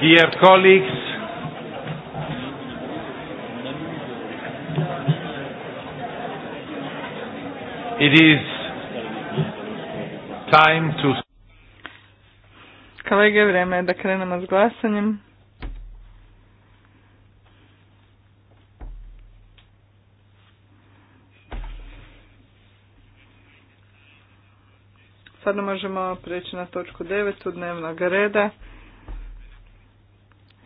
Dear colleagues, it is time to... Kolege, vrijeme je da krenemo s glasanjem. Sada možemo preći na točku 9 dnevnog reda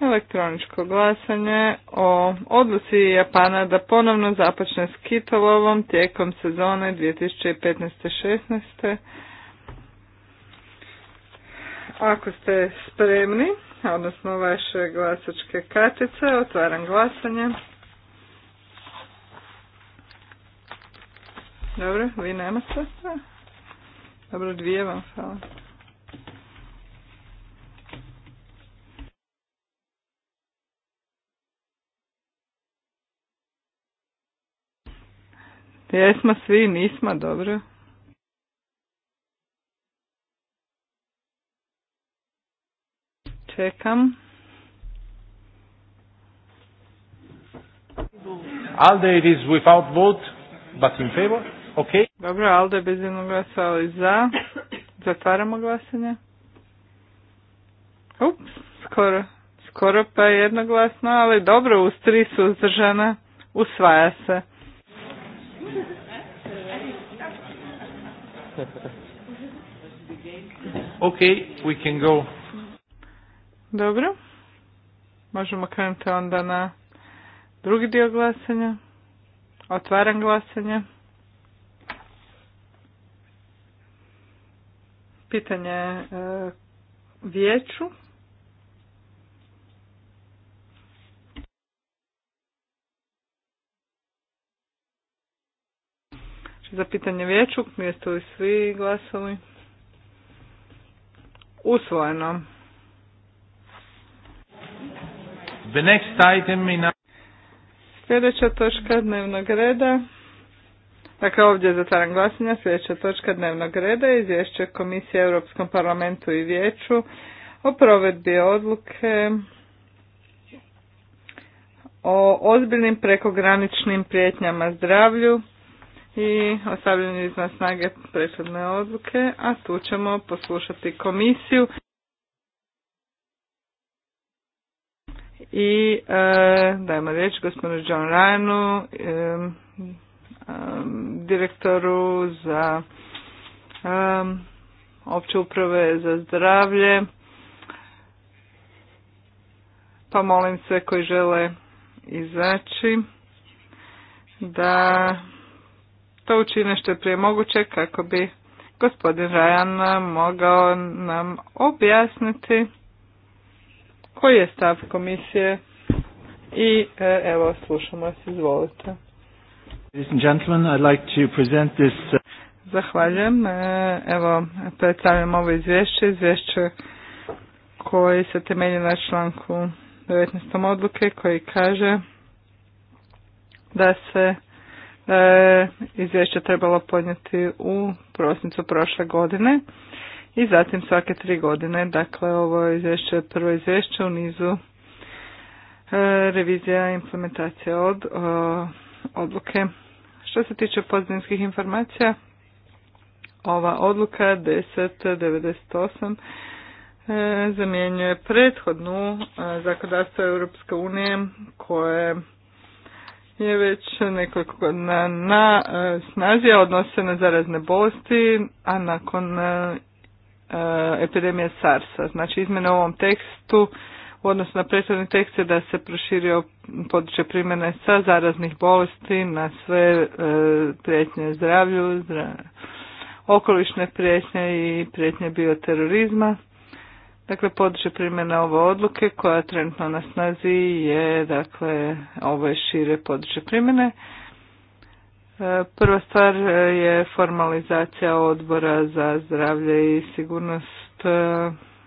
elektroničko glasanje o odluci Japana da ponovno započne s kitolovom tijekom sezone 2015-16. Ako ste spremni, odnosno vaše glasačke kartice, otvaram glasanje. Dobro, vi nemate. Dobro, dvije vam hvala. Jesmo svi, nismo, dobro. Čekam. Alde it is without vote, but in favor. Okay. Dobro, Alde bez jednog glasa, ali za. Zatvaramo glasanje. Ups, skoro. Skoro pa je jednoglasno, ali dobro, uz tri suzdržana usvaja se. okay, we can go. Dobro. Možemo krenuti onda na drugi dio glasanja. Otvaram glasanje. Pitanje e, vijeću. za pitanje vijeću. Jeste li svi glasali? Usvojeno. The next item in... Sljedeća točka dnevnog reda. Dakle, ovdje zatvaran glasanja. Sljedeća točka dnevnog reda je izvješće Komisije Europskom parlamentu i vijeću o provedbi odluke o ozbiljnim prekograničnim prijetnjama zdravlju i iz izvan snage prethodne odluke, a tu ćemo poslušati komisiju i e, dajemo riječ gospodinu John Ryanu, e, e, direktoru za e, opće uprave za zdravlje. Pa molim sve koji žele izaći da to učine što je prije moguće kako bi gospodin Rajan mogao nam objasniti koji je stav komisije i e, evo slušamo vas, izvolite. Uh, Zahvaljujem. E, evo, predstavljam ovo izvješće. Izvješće koje se temelji na članku 19. odluke koji kaže da se je izvješće trebalo podnijeti u prosincu prošle godine i zatim svake tri godine. Dakle, ovo izvješće je prvo izvješće u nizu e, revizija implementacije od odluke. Što se tiče pozdinskih informacija, ova odluka 1098 e, zamjenjuje prethodnu e, zakonodavstvo Europske unije koje je već nekoliko godina na e, snazi, a odnose na zarazne bolesti, a nakon e, e, epidemije SARS-a. Znači izmjene u ovom tekstu u odnosu na prethodni tekst je da se proširio područje primjene sa zaraznih bolesti na sve prijetnje zdravlju, okolišne prijetnje i prijetnje bioterorizma. Dakle, područje primjene ove odluke koja trenutno na snazi je, dakle, ovo je šire područje primjene. E, prva stvar e, je formalizacija odbora za zdravlje i sigurnost e,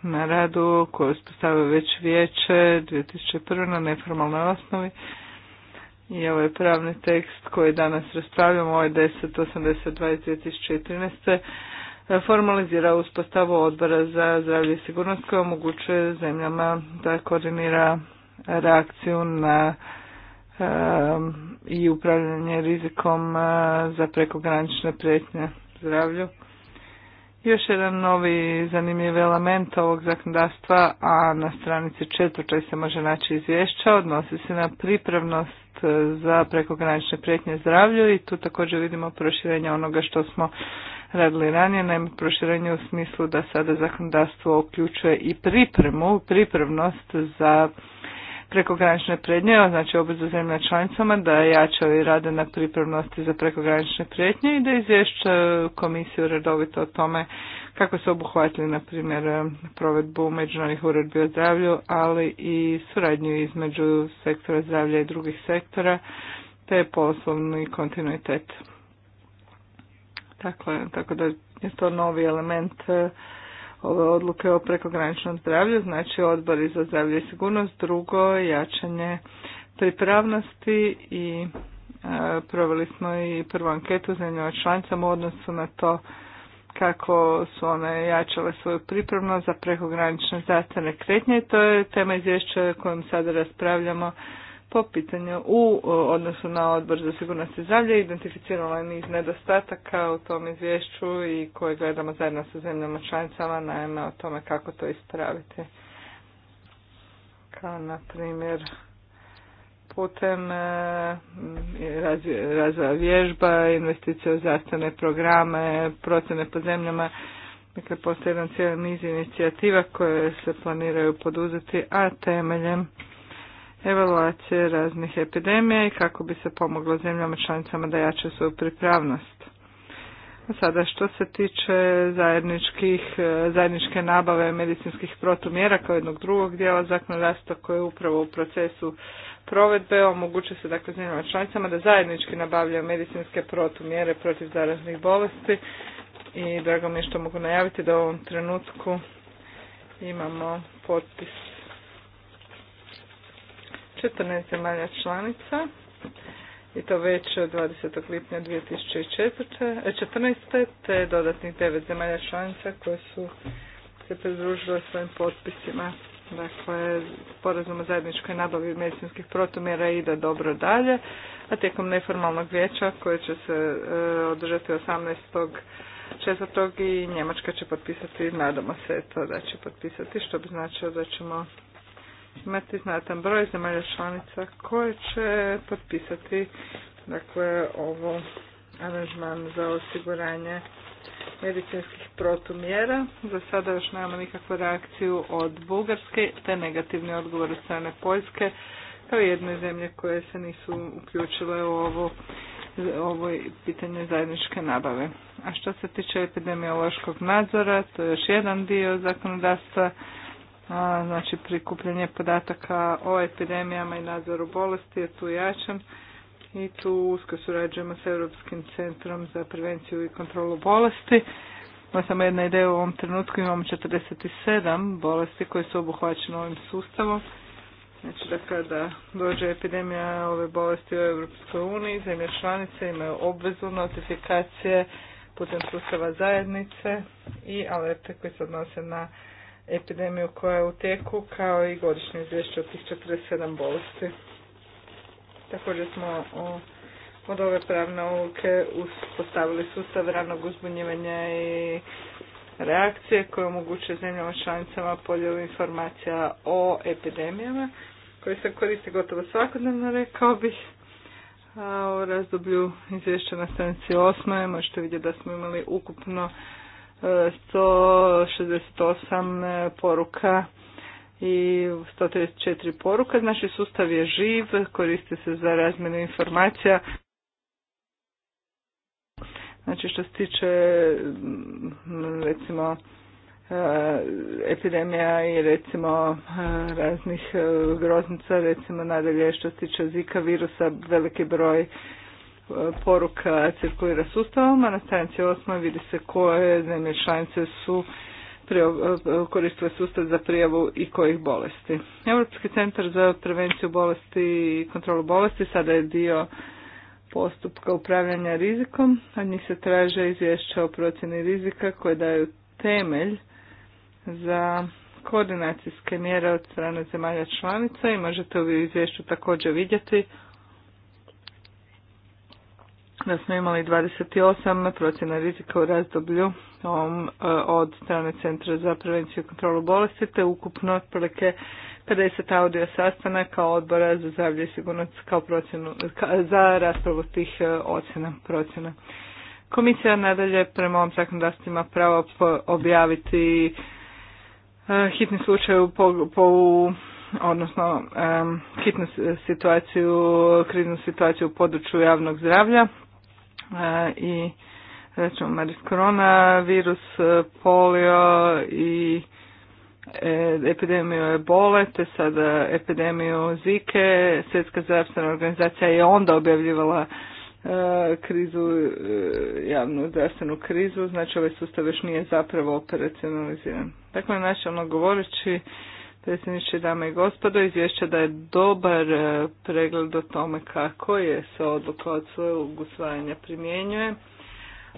na radu koju uspostavio već vijeće 2001. na neformalnoj osnovi. I ovaj pravni tekst koji danas raspravljamo, ovo je iz formalizira uspostavu odbora za zdravlje i sigurnost koja omogućuje zemljama da koordinira reakciju na i upravljanje rizikom eh, za prekogranične prijetnje zdravlju. Još jedan novi zanimljiv element ovog zakonodavstva, a na stranici četvrtoj se može naći izvješća, odnosi se na pripravnost eh, za prekogranične prijetnje zdravlju i tu također vidimo proširenje onoga što smo radili ranije, naime proširenje u smislu da sada zakonodavstvo uključuje i pripremu, pripremnost za prekogranične prednje, znači obvezu zemlja članicama da jačaju i rade na pripravnosti za prekogranične prijetnje i da izvješća komisiju redovito o tome kako su obuhvatili, na primjer, provedbu međunarodnih uredbi o zdravlju, ali i suradnju između sektora zdravlja i drugih sektora, te poslovni kontinuitet. Dakle, tako da je to novi element e, ove odluke o prekograničnom zdravlju, znači odbori za zdravlje i sigurnost, drugo jačanje pripravnosti i e, proveli smo i prvu anketu zemljama članicama u odnosu na to kako su one jačale svoju pripravnost za prekogranične zdravstvene kretnje i to je tema izvješća kojom sada raspravljamo po pitanju u odnosu na odbor za sigurnost i zdravlje identificirala je niz nedostataka u tom izvješću i koje gledamo zajedno sa zemljama članicama, naime o tome kako to ispraviti. Kao na primjer putem e, razvoja vježba, investicije u zdravstvene programe, procjene po zemljama, dakle postoji jedan cijeli niz inicijativa koje se planiraju poduzeti, a temeljem evaluacije raznih epidemija i kako bi se pomoglo zemljama članicama da jače svoju pripravnost. A sada što se tiče zajedničkih, e, zajedničke nabave medicinskih protumjera kao jednog drugog dijela zakonodavstva koje je upravo u procesu provedbe omogućuje se dakle zemljama članicama da zajednički nabavljaju medicinske protumjere protiv zaraznih bolesti i drago mi je što mogu najaviti da u ovom trenutku imamo potpis 14 zemalja članica i to već od 20. lipnja 2014. E, te dodatnih 9 zemalja članica koje su se pridružile svojim potpisima dakle, sporazum o zajedničkoj nabavi medicinskih protumjera ide dobro dalje, a tijekom neformalnog vijeća koje će se e, održati 18. četvrtog i Njemačka će potpisati, nadamo se to da će potpisati, što bi značilo da ćemo imati znatan broj zemalja članica koje će potpisati dakle ovo aranžman za osiguranje medicinskih protumjera. Za sada još nemamo nikakvu reakciju od Bugarske, te negativni odgovor od strane Poljske, kao jedne zemlje koje se nisu uključile u ovo, ovo pitanje zajedničke nabave. A što se tiče epidemiološkog nadzora, to je još jedan dio zakonodavstva znači prikupljanje podataka o epidemijama i nadzoru bolesti je tu jačan i tu usko surađujemo s Europskim centrom za prevenciju i kontrolu bolesti. Ima samo jedna ideja u ovom trenutku, imamo 47 bolesti koje su obuhvaćene ovim sustavom. Znači da kada dođe epidemija ove bolesti u Europskoj uniji, zemlje članice imaju obvezu notifikacije putem sustava zajednice i alerte koje se odnose na epidemiju koja je u teku, kao i godišnje izvješće od tih 47 bolesti. Također smo od ove pravne uke uspostavili sustav ranog uzbunjivanja i reakcije koje omogućuje zemljama članicama podjelu informacija o epidemijama koje se koriste gotovo svakodnevno, rekao bih. A u razdoblju izvješća na stranici 8. možete vidjeti da smo imali ukupno 168 eh, poruka i 134 poruka. Znači, sustav je živ, koristi se za razmjenu informacija. Znači što se tiče mm, recimo eh, epidemija i recimo eh, raznih groznica, recimo nadalje što se tiče zika virusa, veliki broj poruka cirkulira sustavom, a na stranici 8 vidi se koje zemlje članice su koristile sustav za prijavu i kojih bolesti. Europski centar za prevenciju bolesti i kontrolu bolesti sada je dio postupka upravljanja rizikom, a njih se traže izvješća o procjeni rizika koje daju temelj za koordinacijske mjere od strane zemalja članica i možete u izvješću također vidjeti da smo imali 28 procjena rizika u razdoblju e, od strane Centra za prevenciju i kontrolu bolesti, te ukupno otprilike 50 audio sastanaka odbora za zdravlje i sigurnost kao procjenu, za raspravu tih e, ocjena, procjena. Komisija nadalje prema ovom zakonodavstvu ima pravo objaviti e, hitni slučaj u, po, odnosno hitnu situaciju, kriznu situaciju u području javnog zdravlja E, i recimo Maris Korona, virus e, polio i e, epidemiju ebole, te sada epidemiju zike. Svjetska zdravstvena organizacija je onda objavljivala krizu, javnu zdravstvenu krizu, znači ovaj sustav još nije zapravo operacionaliziran. Dakle, načelno govoreći, predsjedniče, dame i gospodo, izvješća da je dobar e, pregled o tome kako je se odluka od svojeg usvajanja primjenjuje.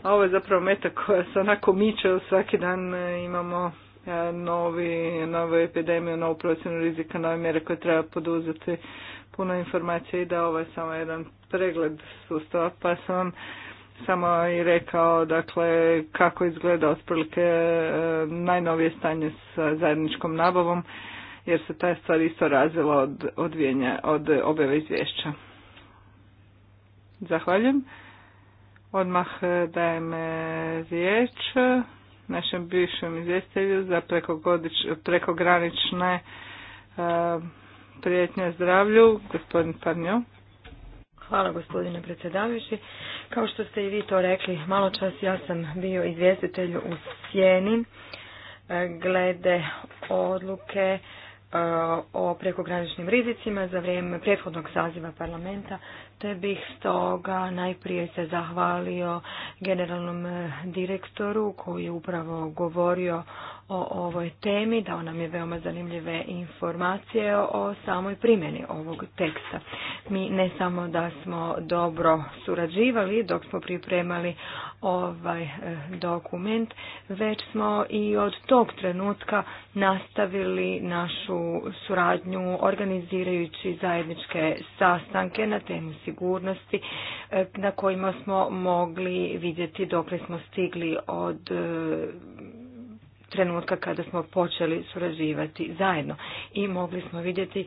A ovo je zapravo meta koja se onako miče, svaki dan e, imamo e, novi, novu epidemiju, novu procjenu rizika, nove mjere koje treba poduzeti, puno informacija i da ovo je samo jedan pregled sustava, pa sam vam samo i rekao dakle kako izgleda otprilike najnovije stanje sa zajedničkom nabavom jer se ta stvar isto od, odvijenja, od izvješća. Zahvaljujem. Odmah e, dajem e, riječ našem bivšem izvjestitelju za prekogranične e, prijetnje zdravlju, gospodin Parnjo. Hvala gospodine predsjedavajući. Kao što ste i vi to rekli, malo čas ja sam bio izvjestitelj u Sjeni glede odluke o prekograničnim rizicima za vrijeme prethodnog saziva parlamenta, te bih stoga najprije se zahvalio generalnom eh, direktoru koji je upravo govorio o ovoj temi, dao nam je veoma zanimljive informacije o samoj primjeni ovog teksta. Mi ne samo da smo dobro surađivali dok smo pripremali ovaj eh, dokument, već smo i od tog trenutka nastavili našu suradnju organizirajući zajedničke sastanke na temu sigurnosti eh, na kojima smo mogli vidjeti dokle smo stigli od eh, trenutka kada smo počeli surađivati zajedno i mogli smo vidjeti e,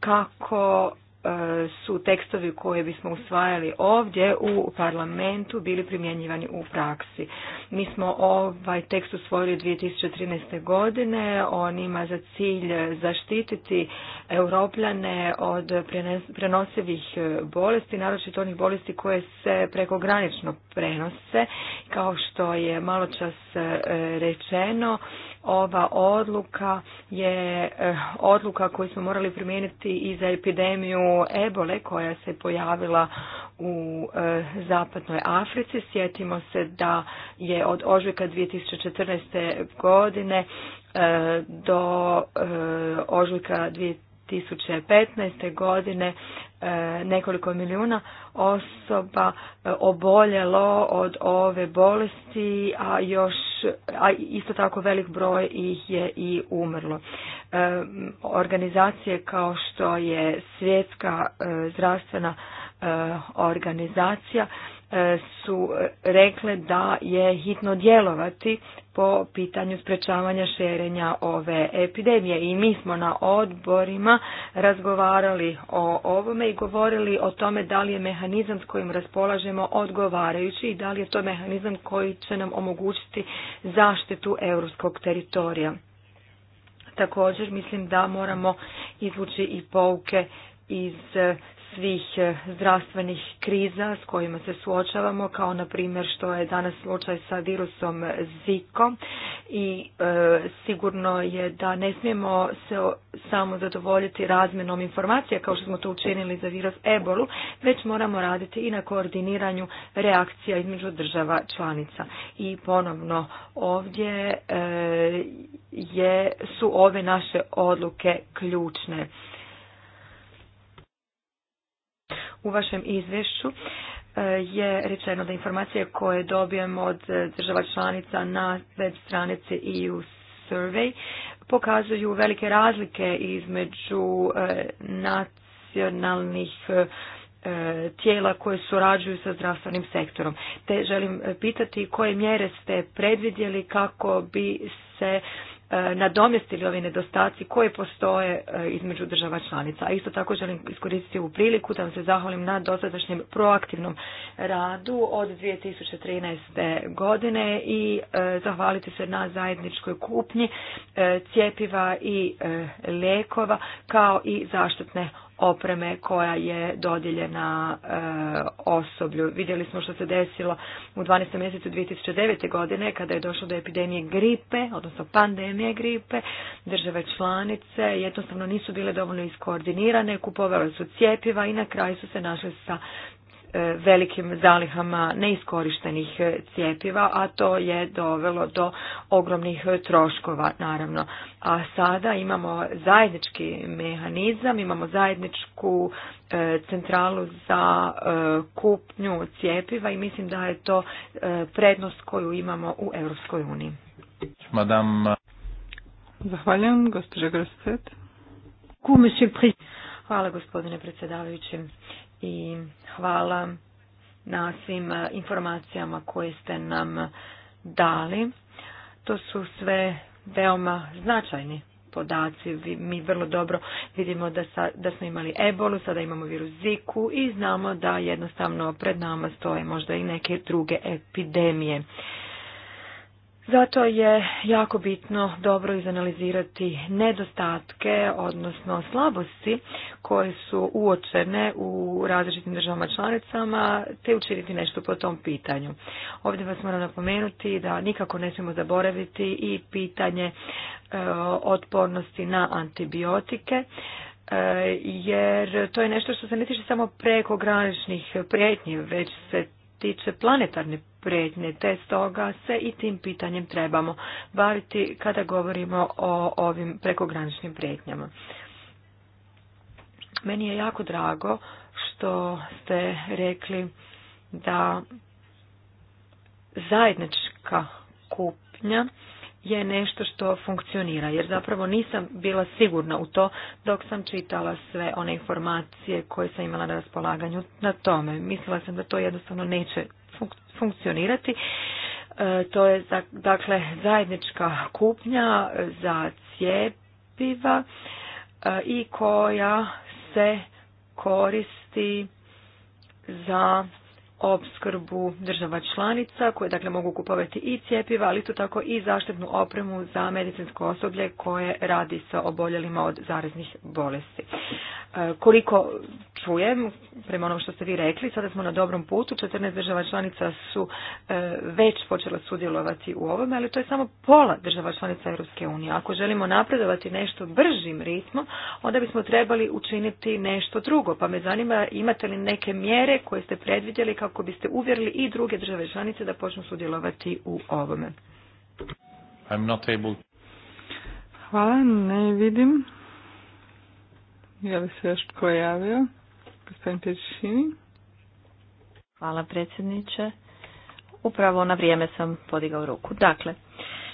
kako E, su tekstovi koje bismo usvajali ovdje u parlamentu bili primjenjivani u praksi. Mi smo ovaj tekst usvojili 2013. godine, on ima za cilj zaštititi europljane od prenosivih bolesti, naročito onih bolesti koje se prekogranično prenose, kao što je malo čas e, rečeno, ova odluka je eh, odluka koju smo morali primijeniti i za epidemiju ebole koja se pojavila u eh, zapadnoj Africi. Sjetimo se da je od ožujka 2014. godine eh, do ožujka 2015. godine nekoliko milijuna osoba e, oboljelo od ove bolesti, a još a isto tako velik broj ih je i umrlo. E, organizacije kao što je Svjetska e, zdravstvena organizacija E, su rekle da je hitno djelovati po pitanju sprečavanja širenja ove epidemije i mi smo na odborima razgovarali o ovome i govorili o tome da li je mehanizam s kojim raspolažemo odgovarajući i da li je to mehanizam koji će nam omogućiti zaštitu europskog teritorija. Također mislim da moramo izvući i pouke iz svih e, zdravstvenih kriza s kojima se suočavamo, kao na primjer što je danas slučaj sa virusom Zika i e, sigurno je da ne smijemo se samo zadovoljiti razmenom informacija kao što smo to učinili za virus Ebolu, već moramo raditi i na koordiniranju reakcija između država članica. I ponovno ovdje e, je, su ove naše odluke ključne. U vašem izvješću e, je rečeno da informacije koje dobijemo od država članica na web stranici EU Survey pokazuju velike razlike između e, nacionalnih e, tijela koje surađuju sa zdravstvenim sektorom. Te želim pitati koje mjere ste predvidjeli kako bi se E, nadomjestili ovi nedostaci koji postoje e, između država članica. A isto tako želim iskoristiti ovu priliku da vam se zahvalim na dosadašnjem proaktivnom radu od 2013. godine i e, zahvaliti se na zajedničkoj kupnji cjepiva i lekova kao i zaštitne opreme koja je dodijeljena e, osoblju. Vidjeli smo što se desilo u 12. mjesecu 2009. godine kada je došlo do epidemije gripe, odnosno pandemije gripe. Države članice jednostavno nisu bile dovoljno iskoordinirane, kupovale su cijepiva i na kraju su se našli sa E, velikim zalihama neiskorištenih e, cijepiva, a to je dovelo do ogromnih e, troškova naravno. A sada imamo zajednički mehanizam, imamo zajedničku centralu za kupnju cijepiva i mislim da je to prednost koju imamo u Europskoj uniji. Madam. Zahvaljujem, gospođa Hvala gospodine predsjedavajući i hvala na svim e, informacijama koje ste nam dali. To su sve veoma značajni podaci. Mi vrlo dobro vidimo da, sa, da smo imali ebolu, sada imamo virus ziku i znamo da jednostavno pred nama stoje možda i neke druge epidemije. Zato je jako bitno dobro izanalizirati nedostatke, odnosno slabosti koje su uočene u različitim državama članicama te učiniti nešto po tom pitanju. Ovdje vas moram napomenuti da nikako ne smijemo zaboraviti i pitanje e, otpornosti na antibiotike e, jer to je nešto što se ne tiče samo prekograničnih prijetnji, već se tiče planetarne te stoga se i tim pitanjem trebamo baviti kada govorimo o ovim prekograničnim prijetnjama. Meni je jako drago što ste rekli da zajednička kupnja je nešto što funkcionira, jer zapravo nisam bila sigurna u to dok sam čitala sve one informacije koje sam imala na raspolaganju na tome. Mislila sam da to jednostavno neće funkcionirati. E, to je dakle zajednička kupnja za cijepiva e, i koja se koristi za opskrbu država članica koje dakle mogu kupovati i cjepiva, ali isto tako i zaštitnu opremu za medicinsko osoblje koje radi sa oboljelima od zaraznih bolesti. E, koliko čujem, prema onom što ste vi rekli, sada smo na dobrom putu, 14 država članica su e, već počela sudjelovati u ovome, ali to je samo pola država članica Europske unije. Ako želimo napredovati nešto bržim ritmom, onda bismo trebali učiniti nešto drugo, pa me zanima imate li neke mjere koje ste predvidjeli kao kako biste uvjerili i druge države članice da počnu sudjelovati u ovome? I'm not able... Hvala, ne vidim. Je li se još tko javio? Gospodin Hvala predsjedniče. Upravo na vrijeme sam podigao ruku. Dakle,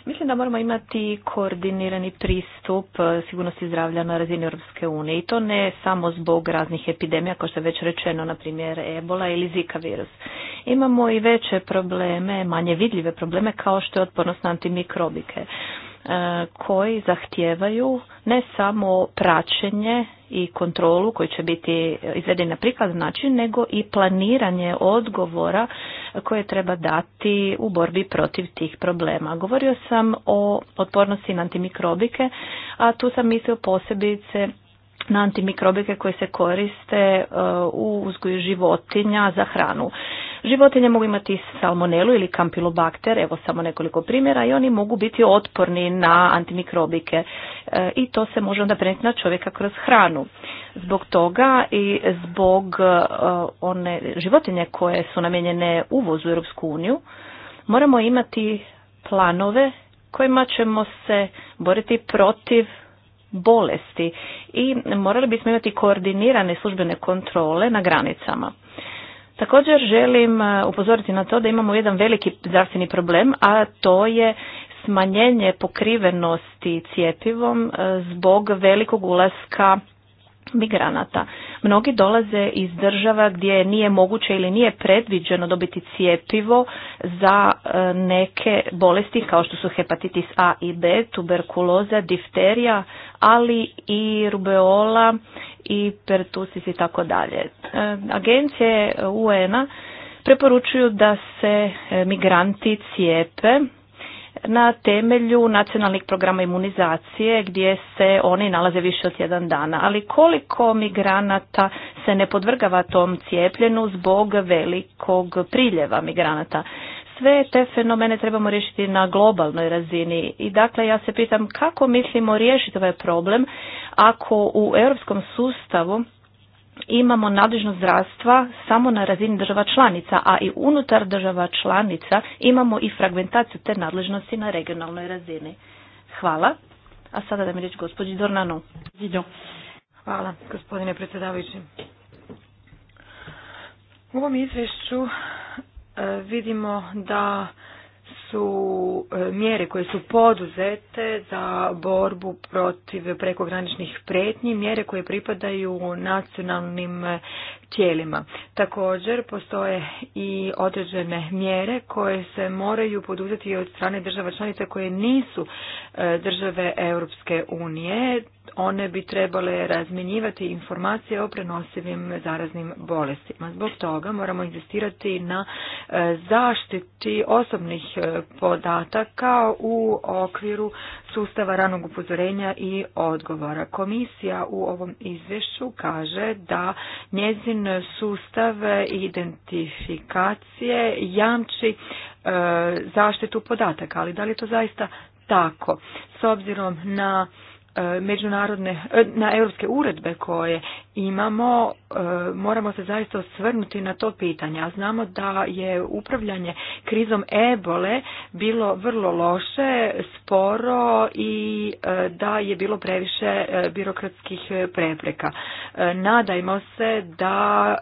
Mislim da moramo imati koordinirani pristup e, sigurnosti zdravlja na razini Europske unije i to ne samo zbog raznih epidemija kao što je već rečeno, na primjer ebola ili zika virus. Imamo i veće probleme, manje vidljive probleme kao što je otpornost na antimikrobike. E, koji zahtijevaju ne samo praćenje i kontrolu koji će biti izveden na prikazan način, nego i planiranje odgovora koje treba dati u borbi protiv tih problema. Govorio sam o otpornosti na antimikrobike, a tu sam mislio posebice na antimikrobike koje se koriste e, u uzgoju životinja za hranu. Životinje mogu imati salmonelu ili kampilobakter, evo samo nekoliko primjera, i oni mogu biti otporni na antimikrobike e, i to se može onda preneti na čovjeka kroz hranu. Zbog toga i zbog e, one životinje koje su namijenjene uvozu u Europsku uniju, moramo imati planove kojima ćemo se boriti protiv bolesti i morali bismo imati koordinirane službene kontrole na granicama. Također želim e, upozoriti na to da imamo jedan veliki zdravstveni problem, a to je smanjenje pokrivenosti cijepivom e, zbog velikog ulaska migranata. Mnogi dolaze iz država gdje nije moguće ili nije predviđeno dobiti cijepivo za e, neke bolesti kao što su hepatitis A i B, tuberkuloza, difterija, ali i rubeola i pertusis i tako dalje. E, agencije UN-a preporučuju da se e, migranti cijepe na temelju nacionalnih programa imunizacije gdje se oni nalaze više od jedan dana. Ali koliko migranata se ne podvrgava tom cijepljenu zbog velikog priljeva migranata? Sve te fenomene trebamo riješiti na globalnoj razini i dakle ja se pitam kako mislimo riješiti ovaj problem ako u europskom sustavu imamo nadležnost zdravstva samo na razini država članica, a i unutar država članica imamo i fragmentaciju te nadležnosti na regionalnoj razini. Hvala. A sada da mi reći gospođi Dornanu. Hvala, gospodine predsjedavajući. U ovom izvješću e, vidimo da su e, mjere koje su poduzete za borbu protiv prekograničnih pretnji, mjere koje pripadaju nacionalnim tijelima. Također postoje i određene mjere koje se moraju poduzeti od strane država članica koje nisu e, države Europske unije. One bi trebale razmjenjivati informacije o prenosivim zaraznim bolestima. Zbog toga moramo investirati na e, zaštiti osobnih e, podataka u okviru sustava ranog upozorenja i odgovora. Komisija u ovom izvješću kaže da njezin sustav identifikacije jamči e, zaštitu podataka, ali da li je to zaista tako? S obzirom na E, međunarodne, e, na europske uredbe koje imamo, e, moramo se zaista osvrnuti na to pitanje. A znamo da je upravljanje krizom ebole bilo vrlo loše, sporo i da je bilo previše birokratskih prepreka. Nadajmo se da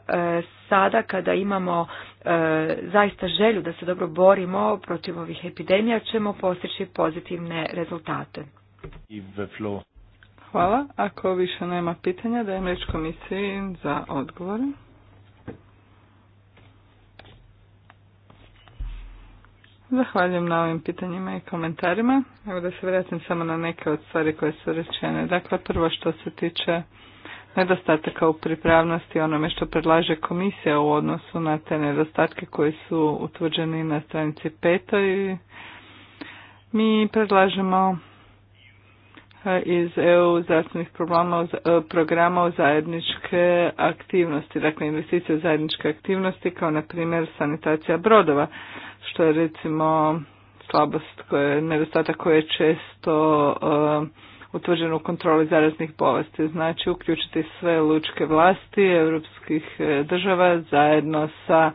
sada kada imamo zaista želju da se dobro borimo protiv ovih epidemija ćemo postići pozitivne rezultate. Hvala. Ako više nema pitanja, dajem reč komisiji za odgovor. Zahvaljujem na ovim pitanjima i komentarima. Evo da se vratim samo na neke od stvari koje su rečene. Dakle, prvo što se tiče nedostataka u pripravnosti onome što predlaže komisija u odnosu na te nedostatke koji su utvrđeni na stranici petoj. Mi predlažemo iz EU zdravstvenih programa, e, programa zajedničke aktivnosti, dakle investicije u zajedničke aktivnosti kao na primjer sanitacija brodova, što je recimo slabost, koje, nedostatak koji je često e, utvrđen u kontroli zaraznih bolesti. Znači uključiti sve lučke vlasti europskih e, država zajedno sa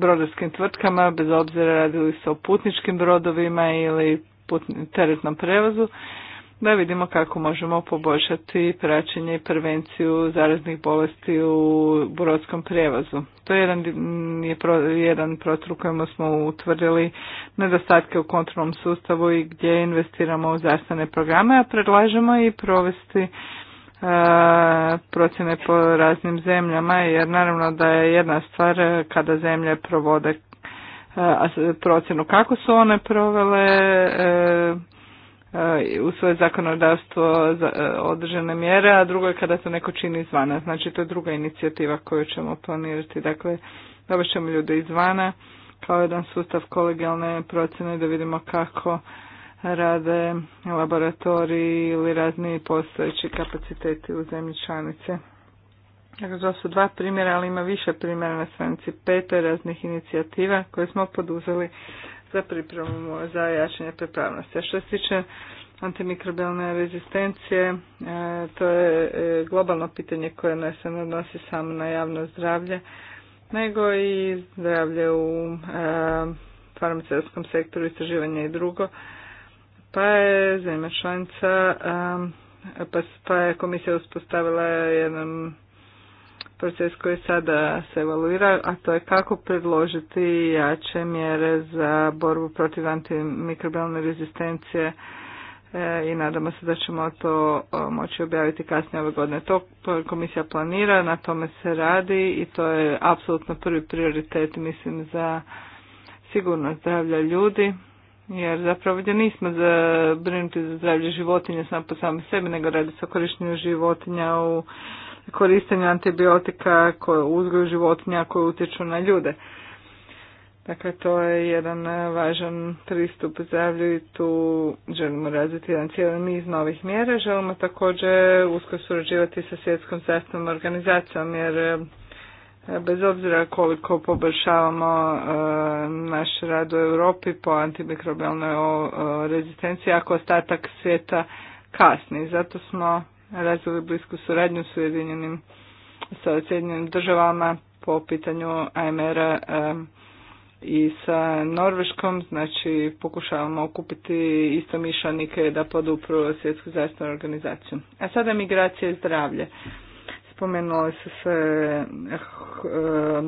brodarskim tvrtkama, bez obzira radili se o putničkim brodovima ili teretnom prevozu da vidimo kako možemo poboljšati praćenje i prevenciju zaraznih bolesti u brodskom prijevozu. To je jedan, je jedan prostor u kojem smo utvrdili nedostatke u kontrolnom sustavu i gdje investiramo u zdravstvene programe, a predlažemo i provesti e, procjene po raznim zemljama, jer naravno da je jedna stvar kada zemlje provode procjenu kako su one provele e, e, u svoje zakonodavstvo e, održene mjere, a drugo je kada to neko čini izvana. Znači to je druga inicijativa koju ćemo planirati. Dakle, dobit ćemo ljude izvana kao jedan sustav kolegijalne procjene da vidimo kako rade laboratoriji ili razni postojeći kapaciteti u zemlji članice. Dakle, to su dva primjera, ali ima više primjera na stranici pet raznih inicijativa koje smo poduzeli za pripremu za jačanje pripravnosti. A što se tiče antimikrobialne rezistencije, e, to je e, globalno pitanje koje ne se odnosi samo na javno zdravlje, nego i zdravlje u e, farmaceutskom sektoru, istraživanje i drugo. Pa je zemlja članica, pa, pa je komisija uspostavila jedan proces koji sada se evaluira, a to je kako predložiti jače mjere za borbu protiv antimikrobialne rezistencije e, i nadamo se da ćemo to e, moći objaviti kasnije ove godine. To komisija planira, na tome se radi i to je apsolutno prvi prioritet mislim za sigurnost zdravlja ljudi. Jer zapravo ovdje nismo za brinuti za zdravlje životinja samo po samom sebi, nego radi se o korištenju životinja u korištenju antibiotika koje uzgoju životinja koje utječu na ljude. Dakle, to je jedan važan pristup zdravlju i tu želimo razviti jedan cijeli niz novih mjera. Želimo također usko surađivati sa svjetskom zdravstvenom organizacijom jer e, bez obzira koliko poboljšavamo e, naš rad u Europi po antimikrobijalnoj e, rezistenciji, ako ostatak svijeta kasni. Zato smo razvili blisku suradnju s Ujedinjenim sa Sjedinjenim državama po pitanju AMR-a i sa Norveškom, znači pokušavamo okupiti istomišljenike da podupru svjetsku zdravstvenu organizaciju. A sada migracija i zdravlje. Spomenuli su se eh, eh,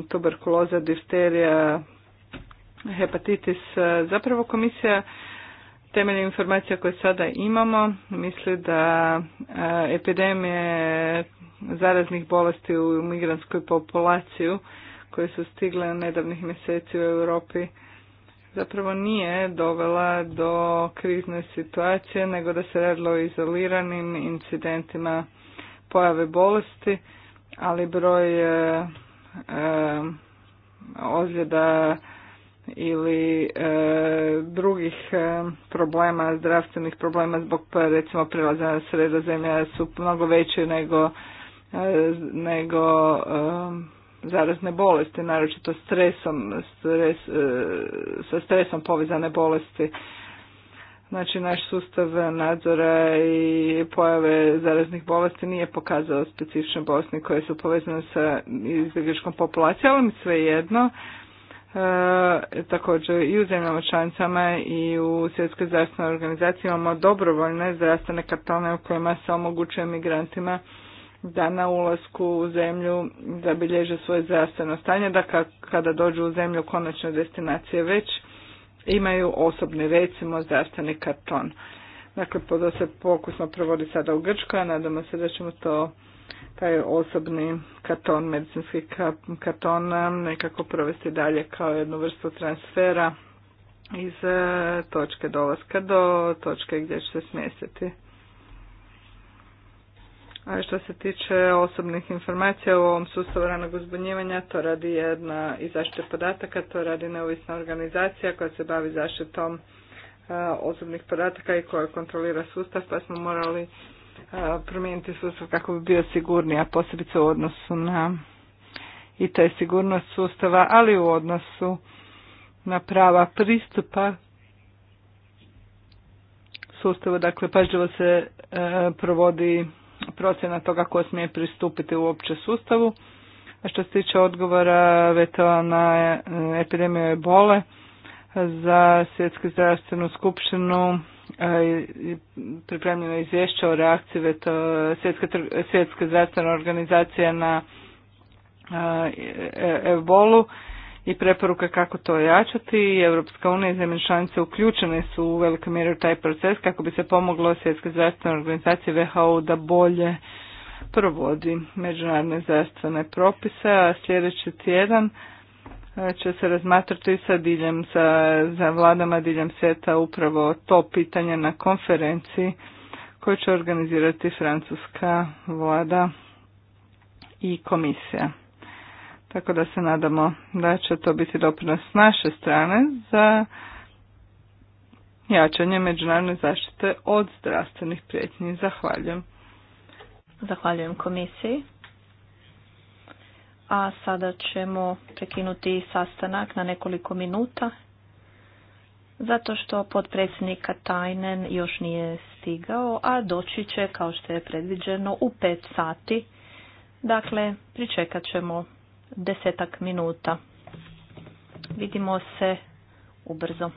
tuberkuloza, difterija, hepatitis. Zapravo komisija temelju informacija koje sada imamo, misli da e, epidemije zaraznih bolesti u migranskoj populaciju koje su stigle nedavnih mjeseci u Europi zapravo nije dovela do krizne situacije, nego da se radilo o izoliranim incidentima pojave bolesti, ali broj e, e, ozljeda ili e, drugih e, problema, zdravstvenih problema zbog pa, recimo prilaza na sredozemlja su mnogo veći nego, e, nego zarazne bolesti, naročito stresom, stres, sa stresom povezane bolesti. Znači naš sustav nadzora i pojave zaraznih bolesti nije pokazao specifične bolesti koje su povezane sa izbjegličkom populacijom, ali svejedno E, također i u zemljama članicama i u Svjetskoj zdravstvenoj organizaciji imamo dobrovoljne zdravstvene kartone u kojima se omogućuje migrantima da na ulasku u zemlju zabilježe svoje zdravstveno stanje, da kada dođu u zemlju konačne destinacije već imaju osobni recimo zdravstveni karton. Dakle, to se pokusno provodi sada u Grčkoj, a nadamo se da ćemo to taj osobni karton, medicinski karton nekako provesti dalje kao jednu vrstu transfera iz e, točke dolaska do točke gdje će se smjestiti. A što se tiče osobnih informacija u ovom sustavu ranog uzbunjivanja, to radi jedna i zaštite podataka, to radi neovisna organizacija koja se bavi zaštitom e, osobnih podataka i koja kontrolira sustav, pa smo morali promijeniti sustav kako bi bio sigurniji, a posebice u odnosu na i taj je sigurnost sustava, ali u odnosu na prava pristupa sustavu. Dakle, pažljivo se e, provodi procjena toga ko smije pristupiti uopće sustavu. A što se tiče odgovora vetova na e, epidemiju ebole za svjetsku zdravstvenu skupštinu, pripremljeno izvješće o reakciji Svjetske svjetska, organizacije zdravstvena organizacija na e, e, ebolu i preporuka kako to jačati. Europska unija i zemlje članice uključene su u velikoj mjeri u taj proces kako bi se pomoglo Svjetske zdravstvenoj organizacije WHO da bolje provodi međunarodne zdravstvene propise, a sljedeći tjedan E, će se razmatrati sa diljem, sa, za vladama diljem svijeta upravo to pitanje na konferenciji koju će organizirati francuska vlada i komisija. Tako da se nadamo da će to biti doprinos s naše strane za jačanje međunarodne zaštite od zdravstvenih prijetnji. Zahvaljujem. Zahvaljujem komisiji a sada ćemo prekinuti sastanak na nekoliko minuta zato što podpredsjednika Tajnen još nije stigao, a doći će kao što je predviđeno u pet sati. Dakle, pričekat ćemo desetak minuta. Vidimo se ubrzo.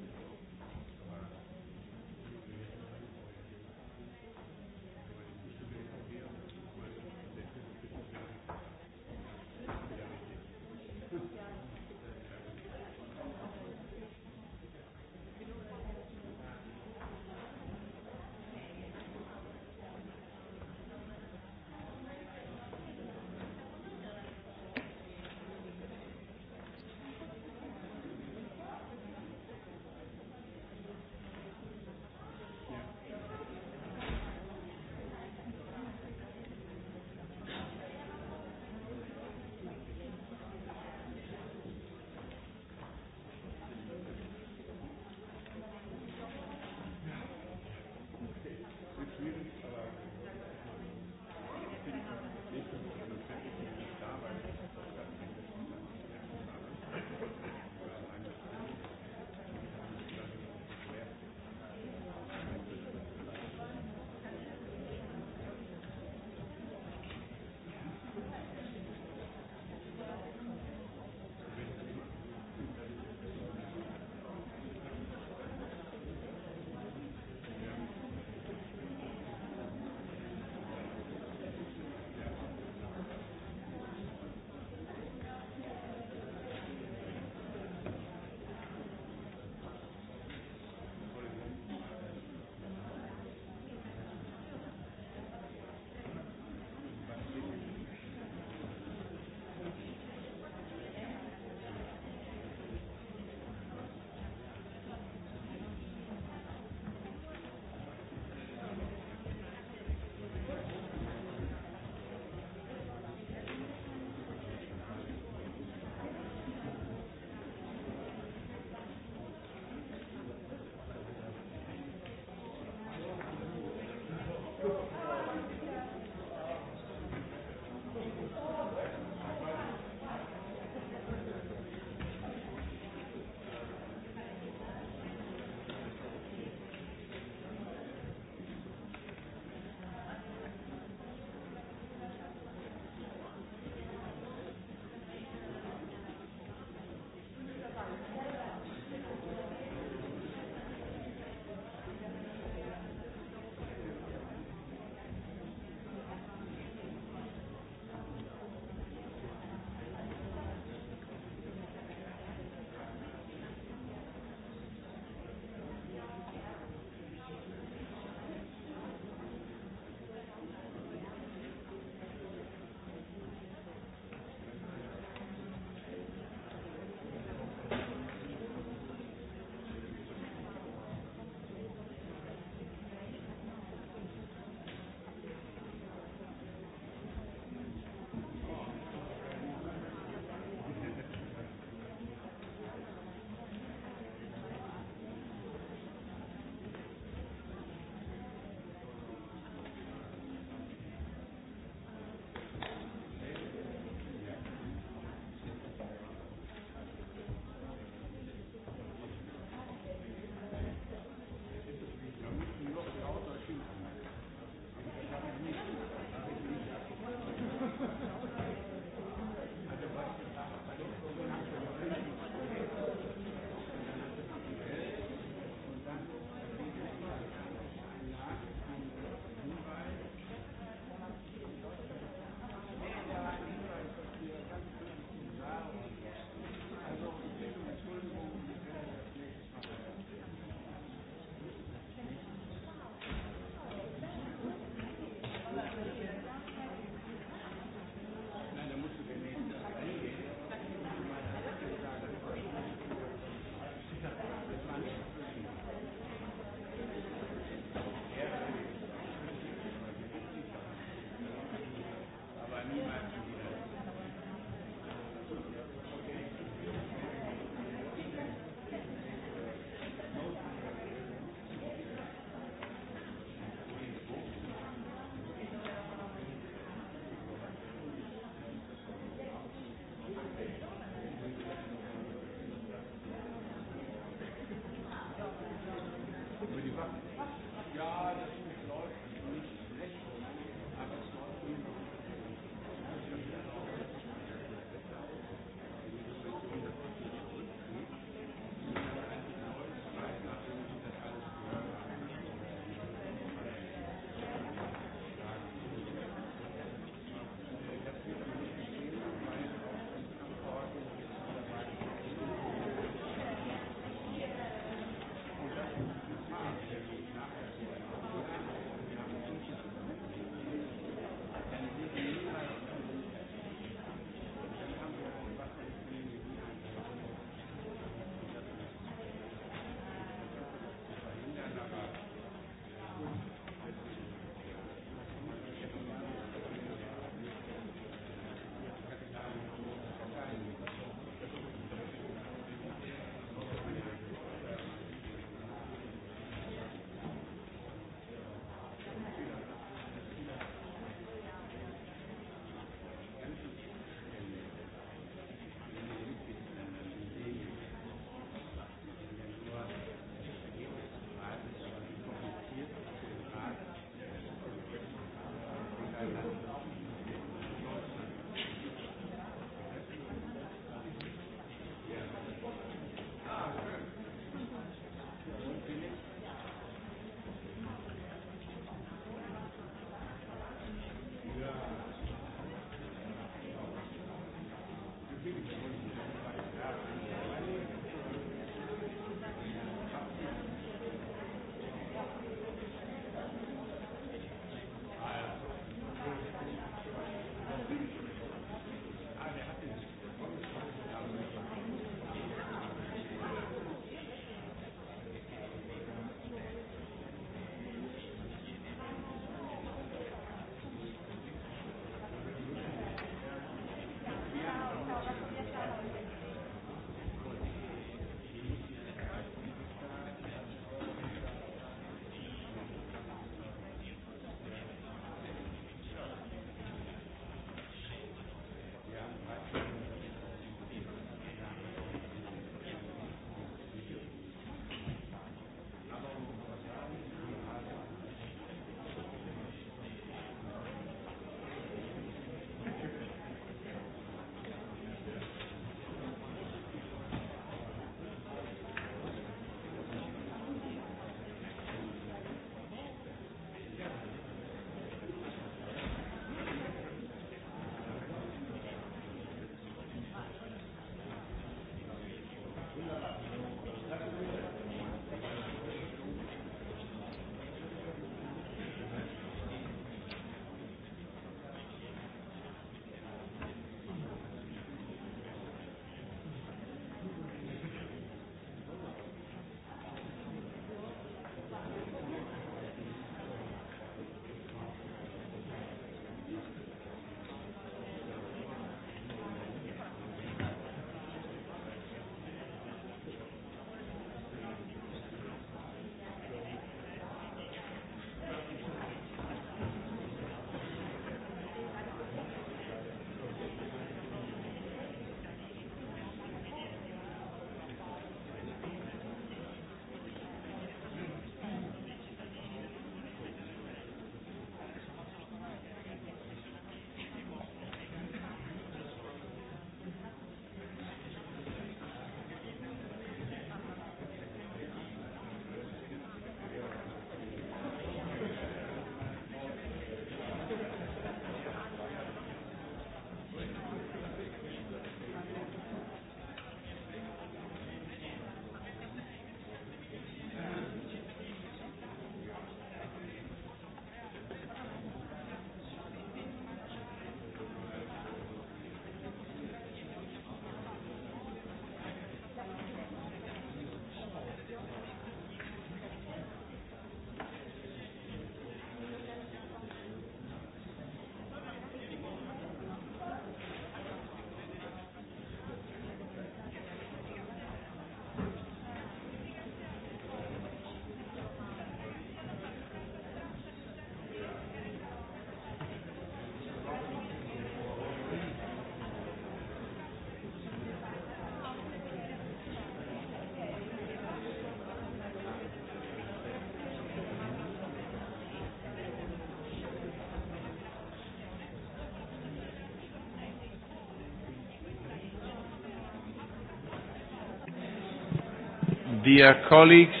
Dear colleagues.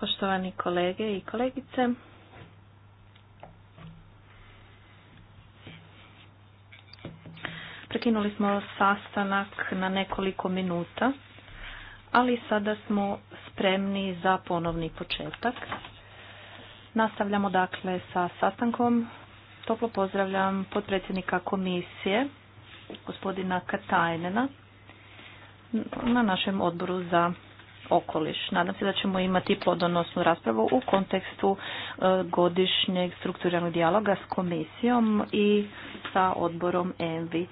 Poštovani kolege i kolegice. Prekinuli smo sastanak na nekoliko minuta, ali sada smo spremni za ponovni početak. Nastavljamo dakle sa sastankom. Toplo pozdravljam potpredsjednika komisije, gospodina Katajnena, na našem odboru za okoliš. Nadam se da ćemo imati podonosnu raspravu u kontekstu e, godišnjeg strukturalnog dijaloga s komisijom i sa odborom ENVI. E,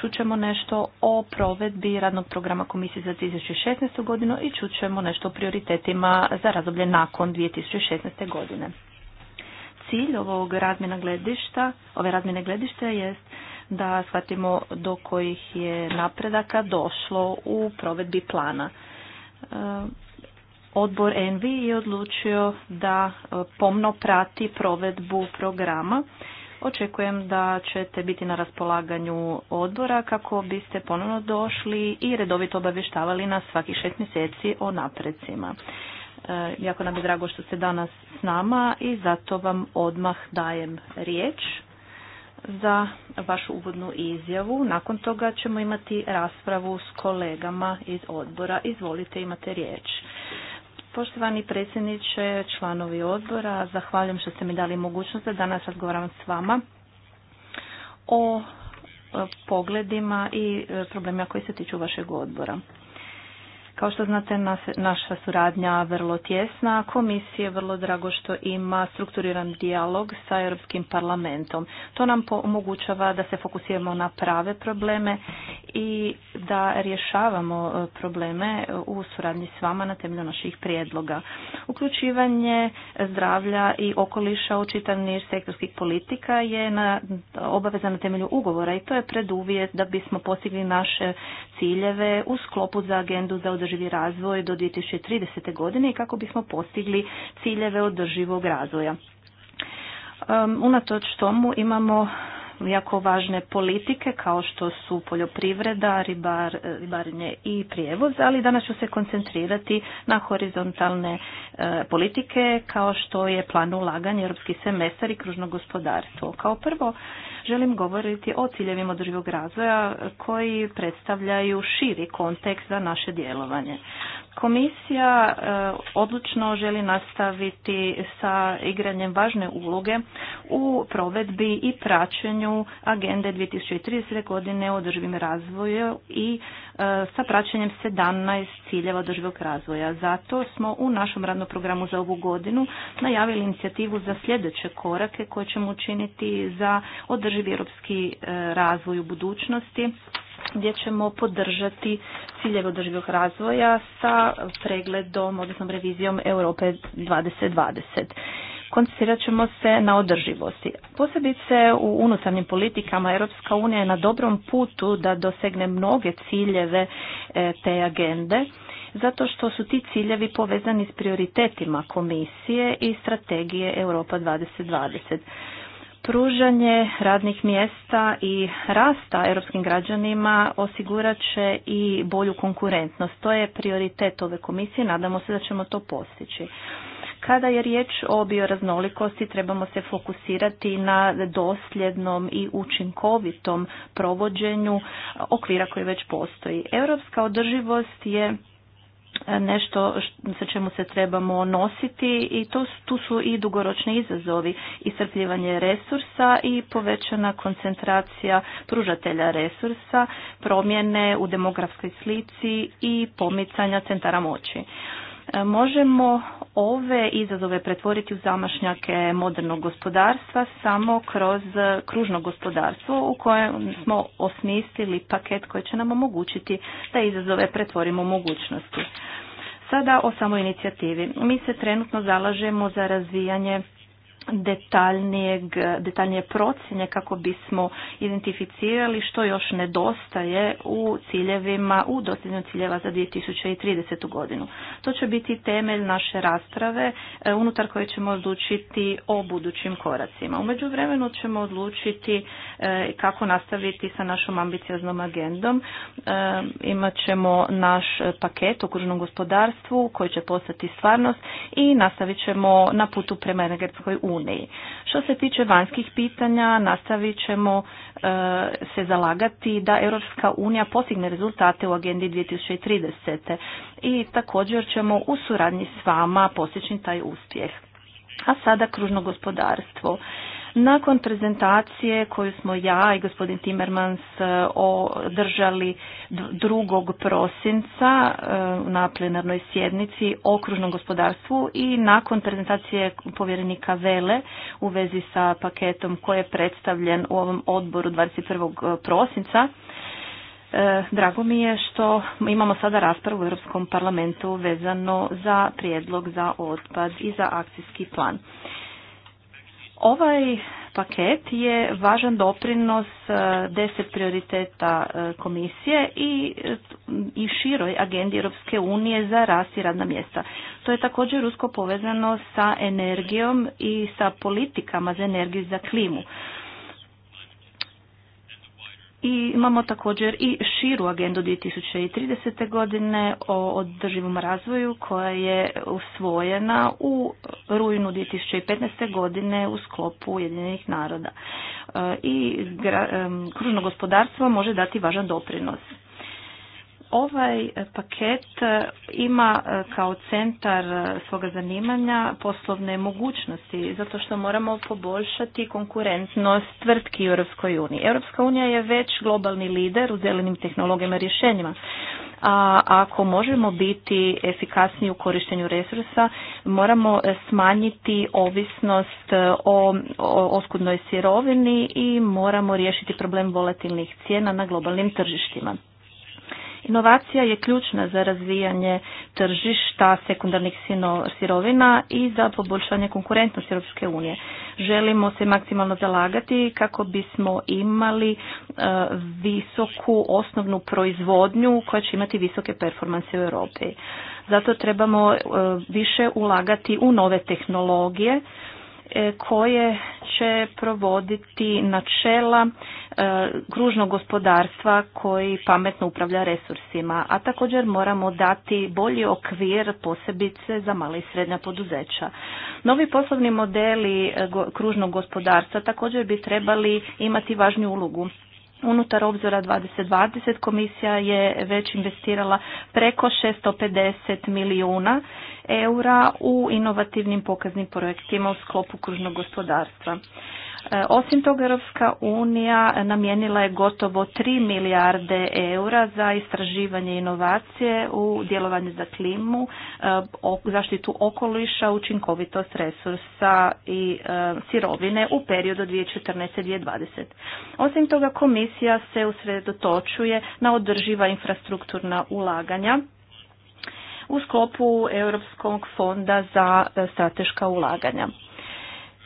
čućemo nešto o provedbi radnog programa komisije za 2016. godinu i čućemo nešto o prioritetima za razdoblje nakon 2016. godine. Cilj ovog razmjena gledišta, ove razmjene gledišta jest da shvatimo do kojih je napredaka došlo u provedbi plana. E, odbor Envi je odlučio da e, pomno prati provedbu programa. Očekujem da ćete biti na raspolaganju odbora kako biste ponovno došli i redovito obavještavali nas svakih šest mjeseci o naprecima. E, jako nam je drago što ste danas s nama i zato vam odmah dajem riječ za vašu uvodnu izjavu. Nakon toga ćemo imati raspravu s kolegama iz odbora. Izvolite, imate riječ. Poštovani predsjedniče, članovi odbora, zahvaljujem što ste mi dali mogućnost da danas razgovaram s vama o e, pogledima i e, problemima koji se tiču vašeg odbora. Kao što znate, naša suradnja vrlo tjesna. Komisije vrlo drago što ima strukturiran dijalog sa Europskim parlamentom. To nam omogućava da se fokusiramo na prave probleme i da rješavamo e, probleme u suradnji s vama na temelju naših prijedloga. Uključivanje zdravlja i okoliša u čitav sektorskih politika je na, obaveza na temelju ugovora i to je preduvjet da bismo postigli naše ciljeve u sklopu za agendu za održavanje održivi razvoj do 2030. godine i kako bismo postigli ciljeve održivog razvoja. Um, unatoč tomu imamo jako važne politike kao što su poljoprivreda, ribar, ribarenje i prijevoz, ali danas ću se koncentrirati na horizontalne e, politike kao što je plan ulaganja, europski semestar i kružno gospodarstvo. Kao prvo želim govoriti o ciljevima održivog razvoja koji predstavljaju širi kontekst za naše djelovanje. Komisija e, odlučno želi nastaviti sa igranjem važne uloge u provedbi i praćenju agende 2030. godine o održivim razvoju i e, sa praćenjem 17 ciljeva održivog razvoja. Zato smo u našem radnom programu za ovu godinu najavili inicijativu za sljedeće korake koje ćemo učiniti za održivi europski e, razvoj u budućnosti gdje ćemo podržati ciljeve održivog razvoja sa pregledom, odnosno revizijom Europe 2020. Koncentrirat ćemo se na održivosti. Posebice u unutarnjim politikama Europska unija je na dobrom putu da dosegne mnoge ciljeve e, te agende, zato što su ti ciljevi povezani s prioritetima komisije i strategije Europa 2020. Pružanje radnih mjesta i rasta europskim građanima osigurat će i bolju konkurentnost. To je prioritet ove komisije, nadamo se da ćemo to postići. Kada je riječ o bioraznolikosti, trebamo se fokusirati na dosljednom i učinkovitom provođenju okvira koji već postoji. Europska održivost je nešto sa čemu se trebamo nositi i to, tu su i dugoročni izazovi, iscrpljivanje resursa i povećana koncentracija pružatelja resursa, promjene u demografskoj slici i pomicanja centara moći. E, možemo ove izazove pretvoriti u zamašnjake modernog gospodarstva samo kroz e, kružno gospodarstvo u kojem smo osmislili paket koji će nam omogućiti da izazove pretvorimo u mogućnosti. Sada o samo inicijativi. Mi se trenutno zalažemo za razvijanje detaljnijeg, detaljnije procjene kako bismo identificirali što još nedostaje u ciljevima, u dosljednju ciljeva za 2030. godinu. To će biti temelj naše rasprave e, unutar koje ćemo odlučiti o budućim koracima. U međuvremenu ćemo odlučiti e, kako nastaviti sa našom ambicioznom agendom. E, imat ćemo naš paket u kružnom gospodarstvu koji će postati stvarnost i nastavit ćemo na putu prema energetskoj uniji uniji. Što se tiče vanjskih pitanja, nastavit ćemo e, se zalagati da Europska unija postigne rezultate u agendi 2030. I također ćemo u suradnji s vama postići taj uspjeh. A sada kružno gospodarstvo. Nakon prezentacije koju smo ja i gospodin Timmermans e, održali 2. prosinca e, na plenarnoj sjednici okružnom gospodarstvu i nakon prezentacije povjerenika Vele u vezi sa paketom koji je predstavljen u ovom odboru 21. E, prosinca, Drago mi je što imamo sada raspravu u Europskom parlamentu vezano za prijedlog za otpad i za akcijski plan. Ovaj paket je važan doprinos e, deset prioriteta e, komisije i, e, i široj agendi Europske unije za rast i radna mjesta. To je također usko povezano sa energijom i sa politikama za energiju i za klimu i imamo također i širu agendu 2030. godine o održivom razvoju koja je usvojena u rujnu 2015. godine u sklopu Ujedinjenih naroda. E, I kružno gospodarstvo može dati važan doprinos. Ovaj paket e, ima e, kao centar e, svoga zanimanja poslovne mogućnosti, zato što moramo poboljšati konkurentnost tvrtki u Europskoj uniji. Europska unija je već globalni lider u zelenim tehnologijama i rješenjima. A ako možemo biti efikasniji u korištenju resursa, moramo smanjiti ovisnost o oskudnoj sirovini i moramo riješiti problem volatilnih cijena na globalnim tržištima. Inovacija je ključna za razvijanje tržišta sekundarnih sirovina i za poboljšanje konkurentnosti Europske unije. Želimo se maksimalno zalagati kako bismo imali e, visoku osnovnu proizvodnju koja će imati visoke performanse u Europi. Zato trebamo e, više ulagati u nove tehnologije E, koje će provoditi načela e, kružnog gospodarstva koji pametno upravlja resursima, a također moramo dati bolji okvir posebice za mala i srednja poduzeća. Novi poslovni modeli e, kružnog gospodarstva također bi trebali imati važnju ulogu Unutar obzora 2020 komisija je već investirala preko 650 milijuna eura u inovativnim pokaznim projektima u sklopu kružnog gospodarstva. E, osim toga, Europska unija namijenila je gotovo 3 milijarde eura za istraživanje inovacije u djelovanju za klimu, e, zaštitu okoliša, učinkovitost resursa i e, sirovine u periodu 2014-2020. Osim toga, komisija se usredotočuje na održiva infrastrukturna ulaganja u sklopu Europskog fonda za strateška ulaganja.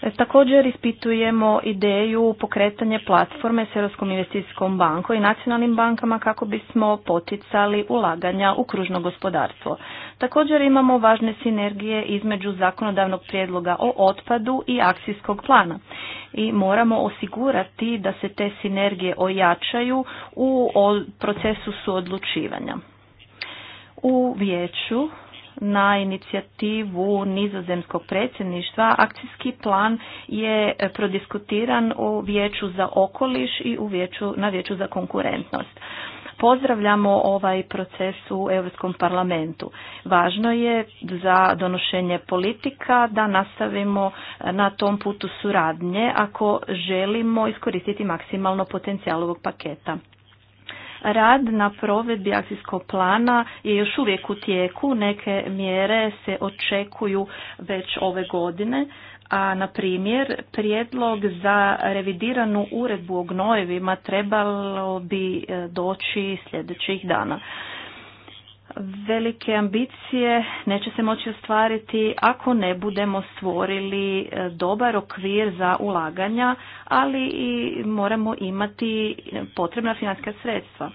E, također ispitujemo ideju pokretanje platforme s Europskom investicijskom bankom i nacionalnim bankama kako bismo poticali ulaganja u kružno gospodarstvo. Također imamo važne sinergije između zakonodavnog prijedloga o otpadu i akcijskog plana i moramo osigurati da se te sinergije ojačaju u procesu suodlučivanja. U vijeću na inicijativu nizozemskog predsjedništva akcijski plan je prodiskutiran u vijeću za okoliš i u vijeću, na vijeću za konkurentnost. Pozdravljamo ovaj proces u Europskom parlamentu. Važno je za donošenje politika da nastavimo na tom putu suradnje ako želimo iskoristiti maksimalno potencijal ovog paketa. Rad na provedbi akcijskog plana je još uvijek u tijeku, neke mjere se očekuju već ove godine, a na primjer prijedlog za revidiranu uredbu o gnojevima trebalo bi e, doći sljedećih dana velike ambicije neće se moći ostvariti ako ne budemo stvorili e, dobar okvir za ulaganja, ali i moramo imati potrebna financijska sredstva.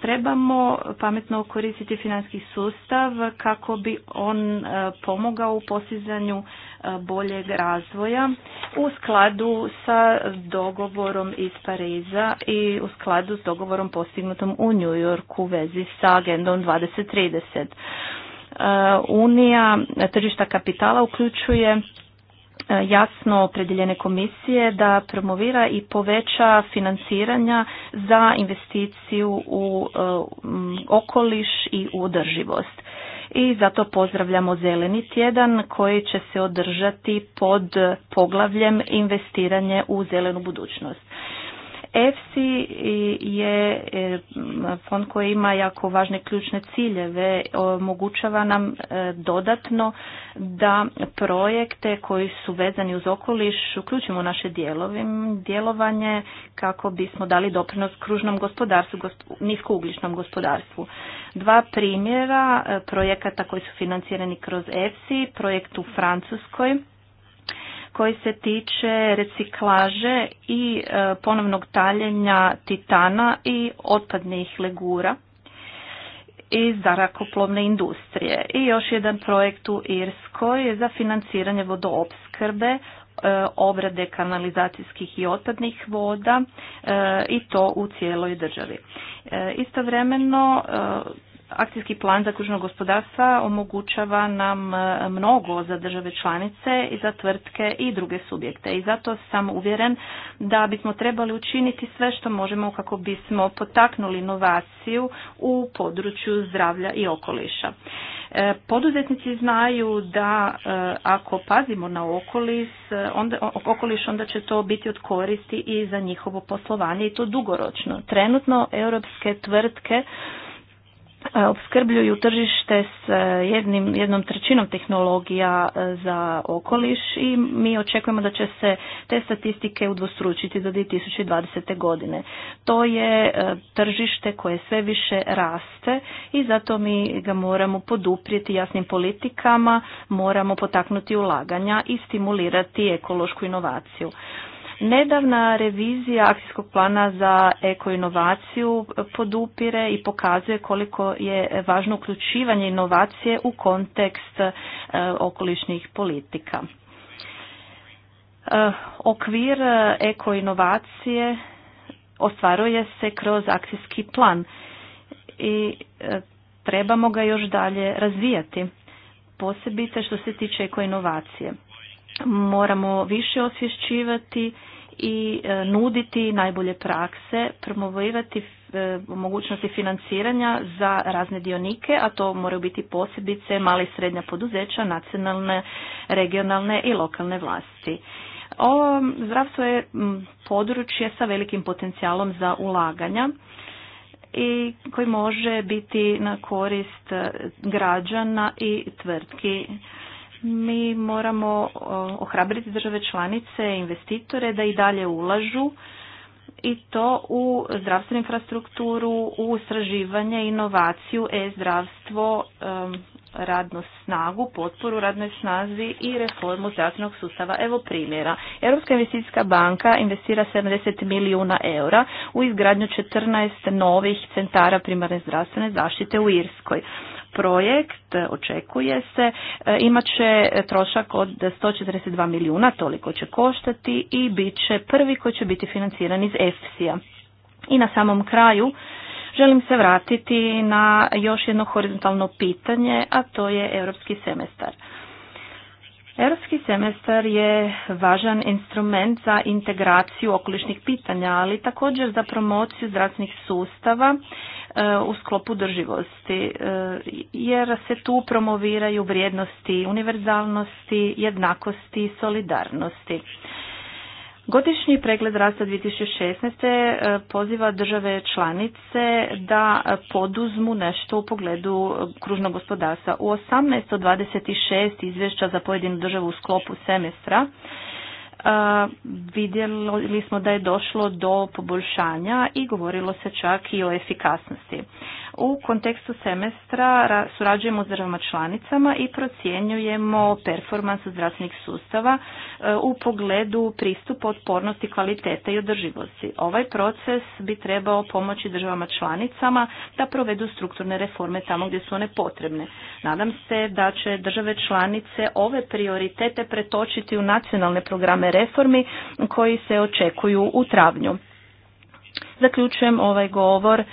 Trebamo pametno koristiti finanski sustav kako bi on e, pomogao u postizanju e, boljeg razvoja u skladu sa dogovorom iz Pariza i u skladu s dogovorom postignutom u New Yorku u vezi sa agendom 2030. E, unija tržišta kapitala uključuje jasno opredjeljene komisije da promovira i poveća financiranja za investiciju u e, okoliš i u održivost. I zato pozdravljamo Zeleni tjedan koji će se održati pod poglavljem investiranje u zelenu budućnost. EFSI je e, fond koji ima jako važne ključne ciljeve, omogućava nam e, dodatno da projekte koji su vezani uz okoliš uključimo u naše djelovanje kako bismo dali doprinos kružnom gospodarstvu, niskougličnom gospodarstvu. Dva primjera e, projekata koji su financirani kroz EFSI, projekt u Francuskoj koji se tiče reciklaže i e, ponovnog taljenja titana i otpadnih legura iz zarakoplovne industrije. I još jedan projekt u Irskoj za financiranje vodoopskrbe, e, obrade kanalizacijskih i otpadnih voda e, i to u cijeloj državi. Istovremeno Akcijski plan za kružnog gospodarstva omogućava nam e, mnogo za države članice i za tvrtke i druge subjekte i zato sam uvjeren da bismo trebali učiniti sve što možemo kako bismo potaknuli inovaciju u području zdravlja i okoliša. E, poduzetnici znaju da e, ako pazimo na onda, okoliš, onda će to biti od koristi i za njihovo poslovanje i to dugoročno. Trenutno europske tvrtke E, opskrbljuju tržište s e, jednim, jednom trećinom tehnologija e, za okoliš i mi očekujemo da će se te statistike udvostručiti do 2020. godine. To je tržište koje sve više raste i zato mi ga moramo poduprijeti jasnim politikama, moramo potaknuti ulaganja i stimulirati ekološku inovaciju. Nedavna revizija akcijskog plana za ekoinovaciju podupire i pokazuje koliko je važno uključivanje inovacije u kontekst e, okolišnih politika. E, okvir e, ekoinovacije ostvaruje se kroz akcijski plan i trebamo ga još dalje razvijati, posebice što se tiče ekoinovacije. inovacije moramo više osvješćivati i e, nuditi najbolje prakse, promovirati e, mogućnosti financiranja za razne dionike, a to moraju biti posebice mali i srednja poduzeća, nacionalne, regionalne i lokalne vlasti. Ovo zdravstvo je područje sa velikim potencijalom za ulaganja i koji može biti na korist e, građana i tvrtki mi moramo ohrabriti države članice, investitore da i dalje ulažu i to u zdravstvenu infrastrukturu, u istraživanje, inovaciju, e-zdravstvo, radnu snagu, potporu radnoj snazi i reformu zdravstvenog sustava. Evo primjera. Europska investicijska banka investira 70 milijuna eura u izgradnju 14 novih centara primarne zdravstvene zaštite u Irskoj projekt, očekuje se, e, imat će trošak od 142 milijuna, toliko će koštati i bit će prvi koji će biti financiran iz EFSI-a. I na samom kraju želim se vratiti na još jedno horizontalno pitanje, a to je europski semestar. Europski semestar je važan instrument za integraciju okolišnih pitanja, ali također za promociju zdravstvenih sustava e, u sklopu drživosti, e, jer se tu promoviraju vrijednosti univerzalnosti, jednakosti i solidarnosti. Godišnji pregled rasta 2016. E, poziva države članice da poduzmu nešto u pogledu kružnog gospodarstva. U 1826. od izvješća za pojedinu državu u sklopu semestra e, vidjeli smo da je došlo do poboljšanja i govorilo se čak i o efikasnosti u kontekstu semestra surađujemo s državama članicama i procjenjujemo performans zdravstvenih sustava e, u pogledu pristupa otpornosti, kvalitete i održivosti. Ovaj proces bi trebao pomoći državama članicama da provedu strukturne reforme tamo gdje su one potrebne. Nadam se da će države članice ove prioritete pretočiti u nacionalne programe reformi koji se očekuju u travnju. Zaključujem ovaj govor e,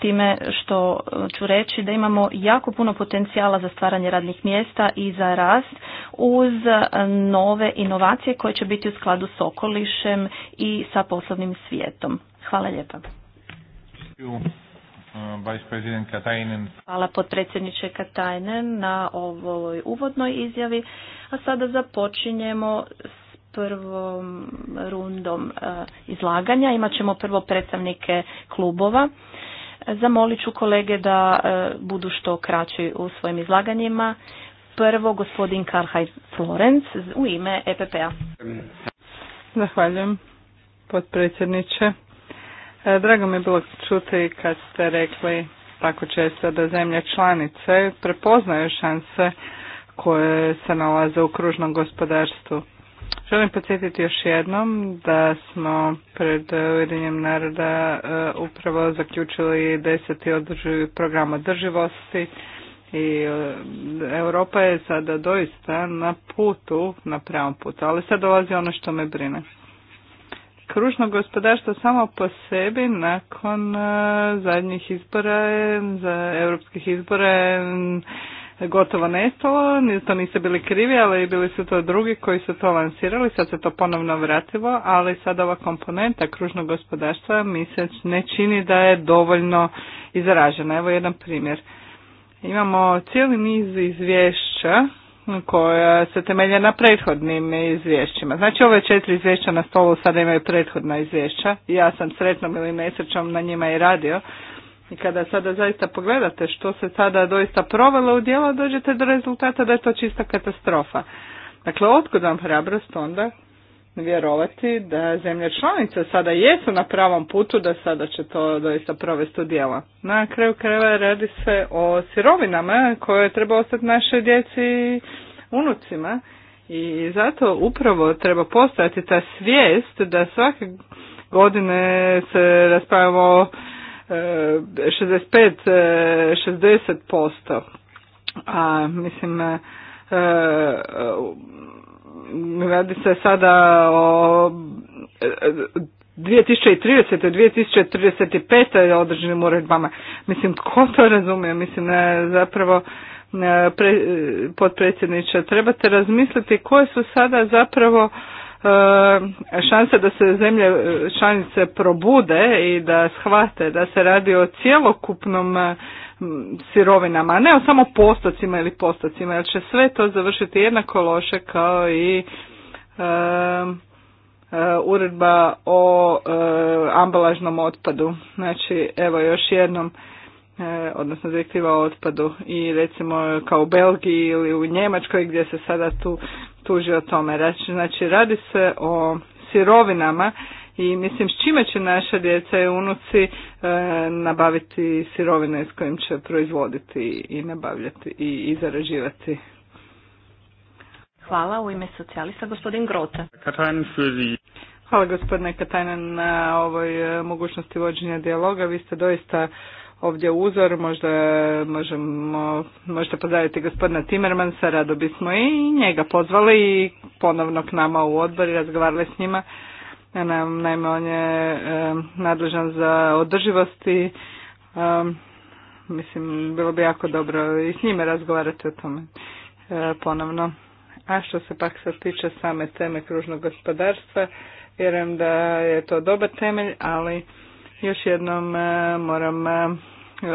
time što e, ću reći da imamo jako puno potencijala za stvaranje radnih mjesta i za rast uz e, nove inovacije koje će biti u skladu s okolišem i sa poslovnim svijetom. Hvala lijepa. Hvala potpredsjedniče Katajnen na ovoj uvodnoj izjavi, a sada započinjemo prvom rundom e, izlaganja. Imat ćemo prvo predstavnike klubova. Zamolit ću kolege da e, budu što kraći u svojim izlaganjima. Prvo gospodin Karhaj Florenc u ime EPP-a. Zahvaljujem potpredsjedniče. E, drago mi je bilo čuti kad ste rekli tako često da zemlje članice prepoznaju šanse koje se nalaze u kružnom gospodarstvu. Želim podsjetiti još jednom da smo pred Ujedinjem naroda e, upravo zaključili deseti održivi program održivosti i e, Europa je sada doista na putu, na pravom putu, ali sad dolazi ono što me brine. Kružno gospodarstvo samo po sebi nakon e, zadnjih izbora, za europskih izbora gotovo nestalo, to niste bili krivi, ali bili su to drugi koji su to lansirali, sad se to ponovno vratilo, ali sada ova komponenta kružnog gospodarstva mi se ne čini da je dovoljno izražena. Evo jedan primjer. Imamo cijeli niz izvješća koja se temelje na prethodnim izvješćima. Znači ove četiri izvješća na stolu sada imaju prethodna izvješća. Ja sam sretnom ili nesrećom na njima i radio, i kada sada zaista pogledate što se sada doista provelo u djelo, dođete do rezultata da je to čista katastrofa. Dakle, otkud vam hrabrost onda vjerovati da zemlje članice sada jesu na pravom putu da sada će to doista provesti u djela. Na kraju krajeva radi se o sirovinama koje treba ostati našoj djeci i unucima i zato upravo treba postojati ta svijest da svake godine se o 65-60%. A mislim, e, e, radi se sada o 2030. 2035. određenim uredbama. Mislim, tko to razumije? Mislim, e, zapravo, potpredsjedniče, trebate razmisliti koje su sada zapravo E, šanse da se zemlje e, članice probude i da shvate da se radi o cjelokupnom e, sirovinama, a ne o samo postocima ili postocima, jer će sve to završiti jednako loše kao i uredba o ambalažnom otpadu. Znači, evo još jednom E, odnosno direktiva o otpadu i recimo kao u Belgiji ili u Njemačkoj gdje se sada tu tuži o tome. Znači radi se o sirovinama i mislim s čime će naša djeca i unuci e, nabaviti sirovine s kojim će proizvoditi i nabavljati i, i zarađivati. Hvala u ime socijalista gospodin Grota. Hvala gospodine Katajna na ovoj e, mogućnosti vođenja dijaloga. Vi ste doista ovdje uzor, možda možemo, možete pozdraviti gospodina Timmermansa, rado bismo i njega pozvali i ponovno k nama u odbor i razgovarali s njima. Naime, on je nadležan za održivost i mislim, bilo bi jako dobro i s njime razgovarati o tome e, ponovno. A što se pak sad tiče same teme kružnog gospodarstva, vjerujem da je to dobar temelj, ali još jednom e, moram e,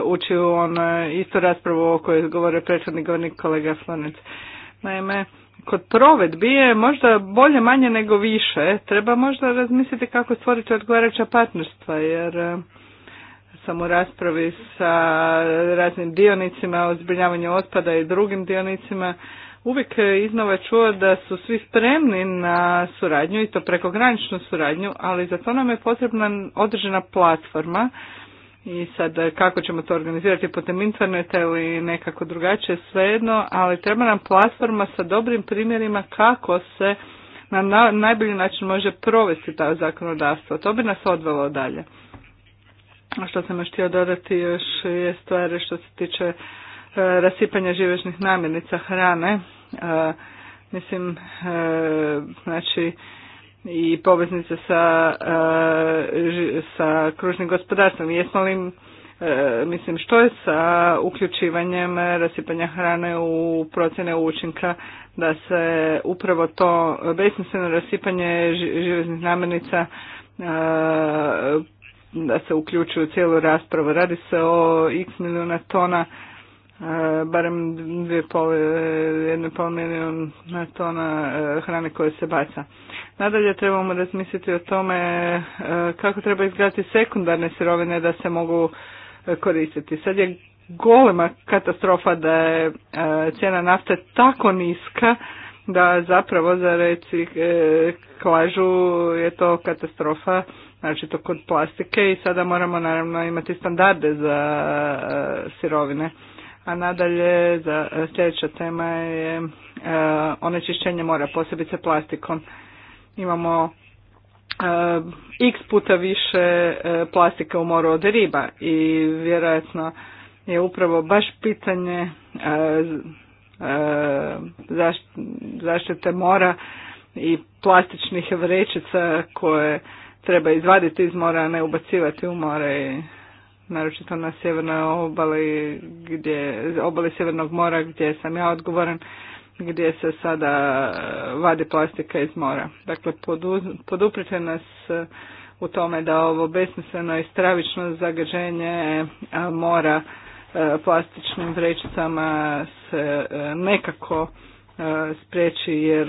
ući u ono istu raspravu o kojoj govore prethodni govornik kolega Slonec. Naime, kod provedbi je možda bolje manje nego više. Treba možda razmisliti kako stvoriti odgovarajuća partnerstva, jer sam u raspravi sa raznim dionicima o zbrinjavanju otpada i drugim dionicima uvijek e, iznova čuo da su svi spremni na suradnju i to prekograničnu suradnju, ali za to nam je potrebna određena platforma i sad e, kako ćemo to organizirati putem interneta ili nekako drugačije, svejedno, ali treba nam platforma sa dobrim primjerima kako se na najbolji način može provesti ta zakonodavstvo. To bi nas odvelo dalje. A što sam još htio dodati još je stvari što se tiče E, rasipanja živežnih namirnica hrane. E, mislim, e, znači, i poveznice sa, sa kružnim gospodarstvom. Jesmo li, mislim, što je sa uključivanjem rasipanja hrane u procjene učinka da se upravo to besmisleno rasipanje živeznih namirnica da se uključuju u cijelu raspravu. Radi se o x milijuna tona E, barem dvije pol, pol milijuna tona e, hrane koje se baca. Nadalje trebamo razmisliti o tome e, kako treba izgledati sekundarne sirovine da se mogu koristiti. Sad je golema katastrofa da je cijena nafte tako niska da zapravo za klažu je to katastrofa, znači to kod plastike i sada moramo naravno imati standarde za sirovine a nadalje, za, e, sljedeća tema je uh, onečišćenje mora, posebice plastikom. Imamo uh, x puta više plastika plastike u moru od riba i vjerojatno je upravo baš pitanje zaštite mora i plastičnih vrećica koje treba izvaditi iz mora, a ne ubacivati u more i naročito na sjevernoj obali, gdje, obali Sjevernog mora gdje sam ja odgovoran, gdje se sada e, vadi plastika iz mora. Dakle, poduprite nas e, u tome da ovo besmisleno i stravično zagađenje e, mora plastičnim vrećicama se nekako spriječi jer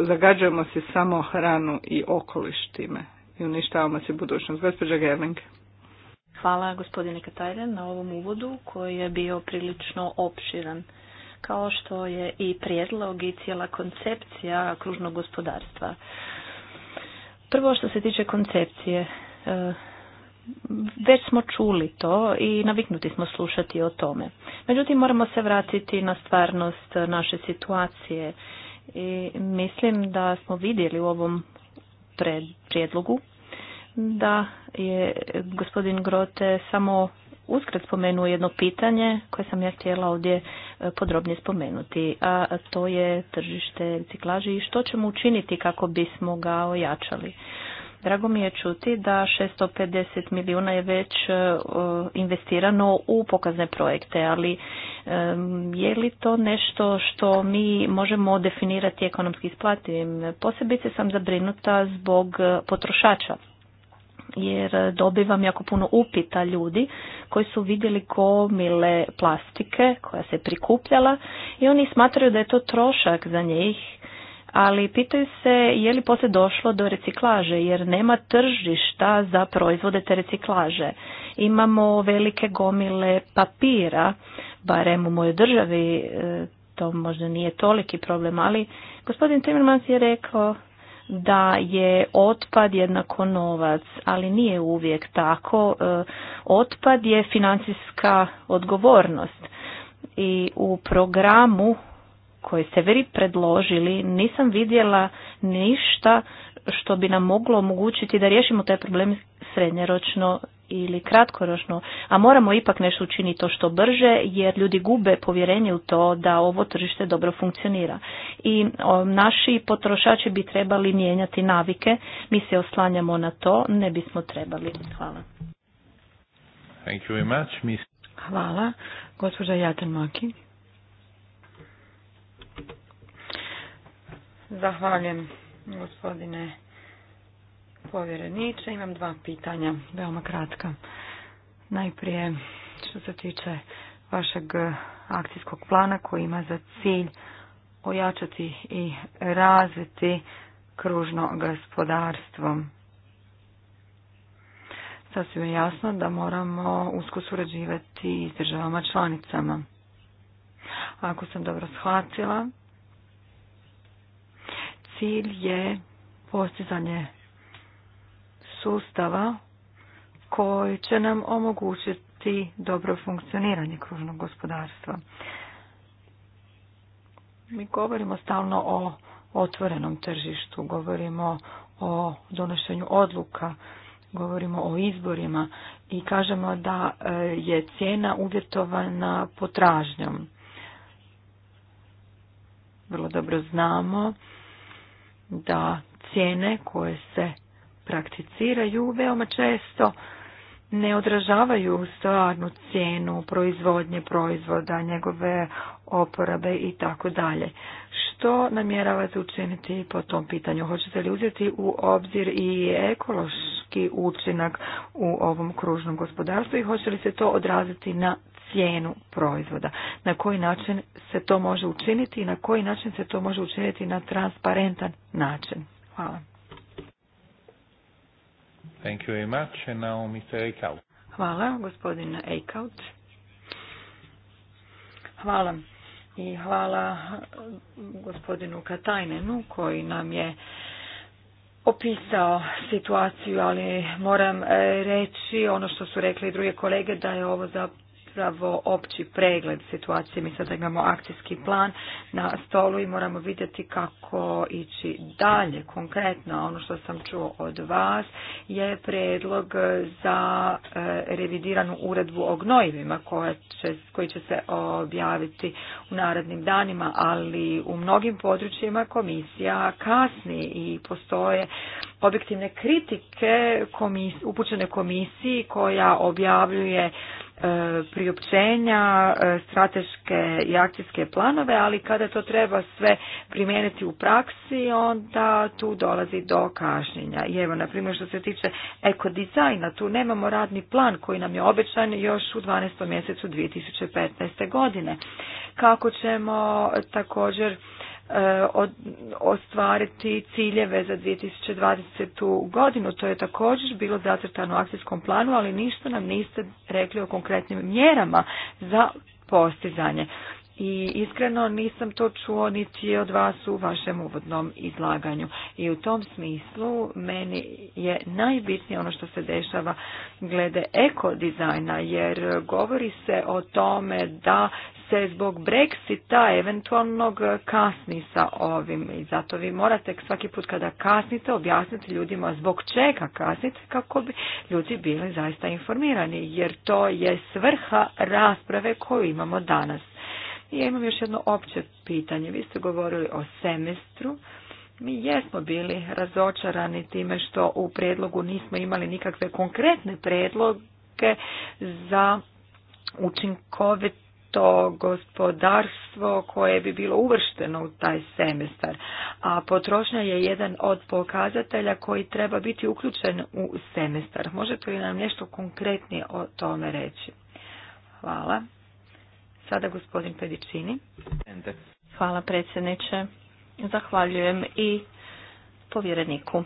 zagađujemo se samo hranu i okoliš time i uništavamo se budućnost. Gospođa Gerling. Hvala gospodine Katajren na ovom uvodu koji je bio prilično opširan, kao što je i prijedlog i cijela koncepcija kružnog gospodarstva. Prvo što se tiče koncepcije, e, već smo čuli to i naviknuti smo slušati o tome. Međutim, moramo se vratiti na stvarnost naše situacije i mislim da smo vidjeli u ovom prijedlogu da je gospodin Grote samo uskrat spomenuo jedno pitanje koje sam ja htjela ovdje e, podrobnije spomenuti, a to je tržište reciklaži i što ćemo učiniti kako bismo ga ojačali. Drago mi je čuti da 650 milijuna je već e, investirano u pokazne projekte, ali e, je li to nešto što mi možemo definirati ekonomski isplativim? Posebice sam zabrinuta zbog potrošača jer dobivam jako puno upita ljudi koji su vidjeli gomile plastike koja se prikupljala i oni smatraju da je to trošak za njih ali pitaju se je li poslije došlo do reciklaže jer nema tržišta za proizvode te reciklaže. Imamo velike gomile papira, barem u mojoj državi e, to možda nije toliki problem, ali gospodin Timmermans je rekao da je otpad jednako novac, ali nije uvijek tako. E, otpad je financijska odgovornost i u programu koji ste veri predložili nisam vidjela ništa što bi nam moglo omogućiti da riješimo taj problem srednjeročno ili kratkoročno, a moramo ipak nešto učiniti to što brže jer ljudi gube povjerenje u to da ovo tržište dobro funkcionira. I naši potrošači bi trebali mijenjati navike, mi se oslanjamo na to, ne bismo trebali. Hvala. Thank you very much, Hvala. Gospođa Jatan Maki. Zahvaljujem gospodine povjereniče. Imam dva pitanja, veoma kratka. Najprije što se tiče vašeg akcijskog plana koji ima za cilj ojačati i razviti kružno gospodarstvo. Sasvim je jasno da moramo usko surađivati s državama članicama. Ako sam dobro shvatila, cilj je postizanje sustava koji će nam omogućiti dobro funkcioniranje kružnog gospodarstva. Mi govorimo stalno o otvorenom tržištu, govorimo o donošenju odluka, govorimo o izborima i kažemo da e, je cijena uvjetovana potražnjom. Vrlo dobro znamo da cijene koje se prakticiraju veoma često ne odražavaju stvarnu cijenu proizvodnje proizvoda, njegove oporabe i tako dalje. Što namjeravate učiniti po tom pitanju? Hoćete li uzeti u obzir i ekološki učinak u ovom kružnom gospodarstvu i hoće li se to odraziti na cijenu proizvoda? Na koji način se to može učiniti i na koji način se to može učiniti na transparentan način? Hvala. Thank you very much. And now Mr. Eichhout. Hvala, gospodin Eichhout. Hvala. I hvala eh, gospodinu Katajnenu koji nam je opisao situaciju, ali moram eh, reći ono što su rekli druge kolege da je ovo za zapravo opći pregled situacije. Mi sada imamo akcijski plan na stolu i moramo vidjeti kako ići dalje. Konkretno ono što sam čuo od vas je predlog za e, revidiranu uredbu o gnojivima koji će se objaviti u narednim danima, ali u mnogim područjima komisija kasni i postoje objektivne kritike upućene komisiji koja objavljuje E, priopćenja, e, strateške i akcijske planove, ali kada to treba sve primijeniti u praksi, onda tu dolazi do kašnjenja. I evo, na primjer, što se tiče ekodizajna, tu nemamo radni plan koji nam je obećan još u 12. mjesecu 2015. godine. Kako ćemo također E, ostvariti ciljeve za 2020. godinu. To je također bilo zacrtano u akcijskom planu, ali ništa nam niste rekli o konkretnim mjerama za postizanje. I iskreno nisam to čuo niti od vas u vašem uvodnom izlaganju. I u tom smislu meni je najbitnije ono što se dešava glede ekodizajna jer govori se o tome da se zbog Brexita eventualnog kasni sa ovim i zato vi morate svaki put kada kasnite objasniti ljudima zbog čega kasnite kako bi ljudi bili zaista informirani jer to je svrha rasprave koju imamo danas. I ja imam još jedno opće pitanje. Vi ste govorili o semestru. Mi jesmo bili razočarani time što u predlogu nismo imali nikakve konkretne predloge za učinkovit to gospodarstvo koje bi bilo uvršteno u taj semestar. A potrošnja je jedan od pokazatelja koji treba biti uključen u semestar. Možete li nam nešto konkretnije o tome reći? Hvala. Sada gospodin Pedičini. Hvala predsjedniče. Zahvaljujem i povjereniku.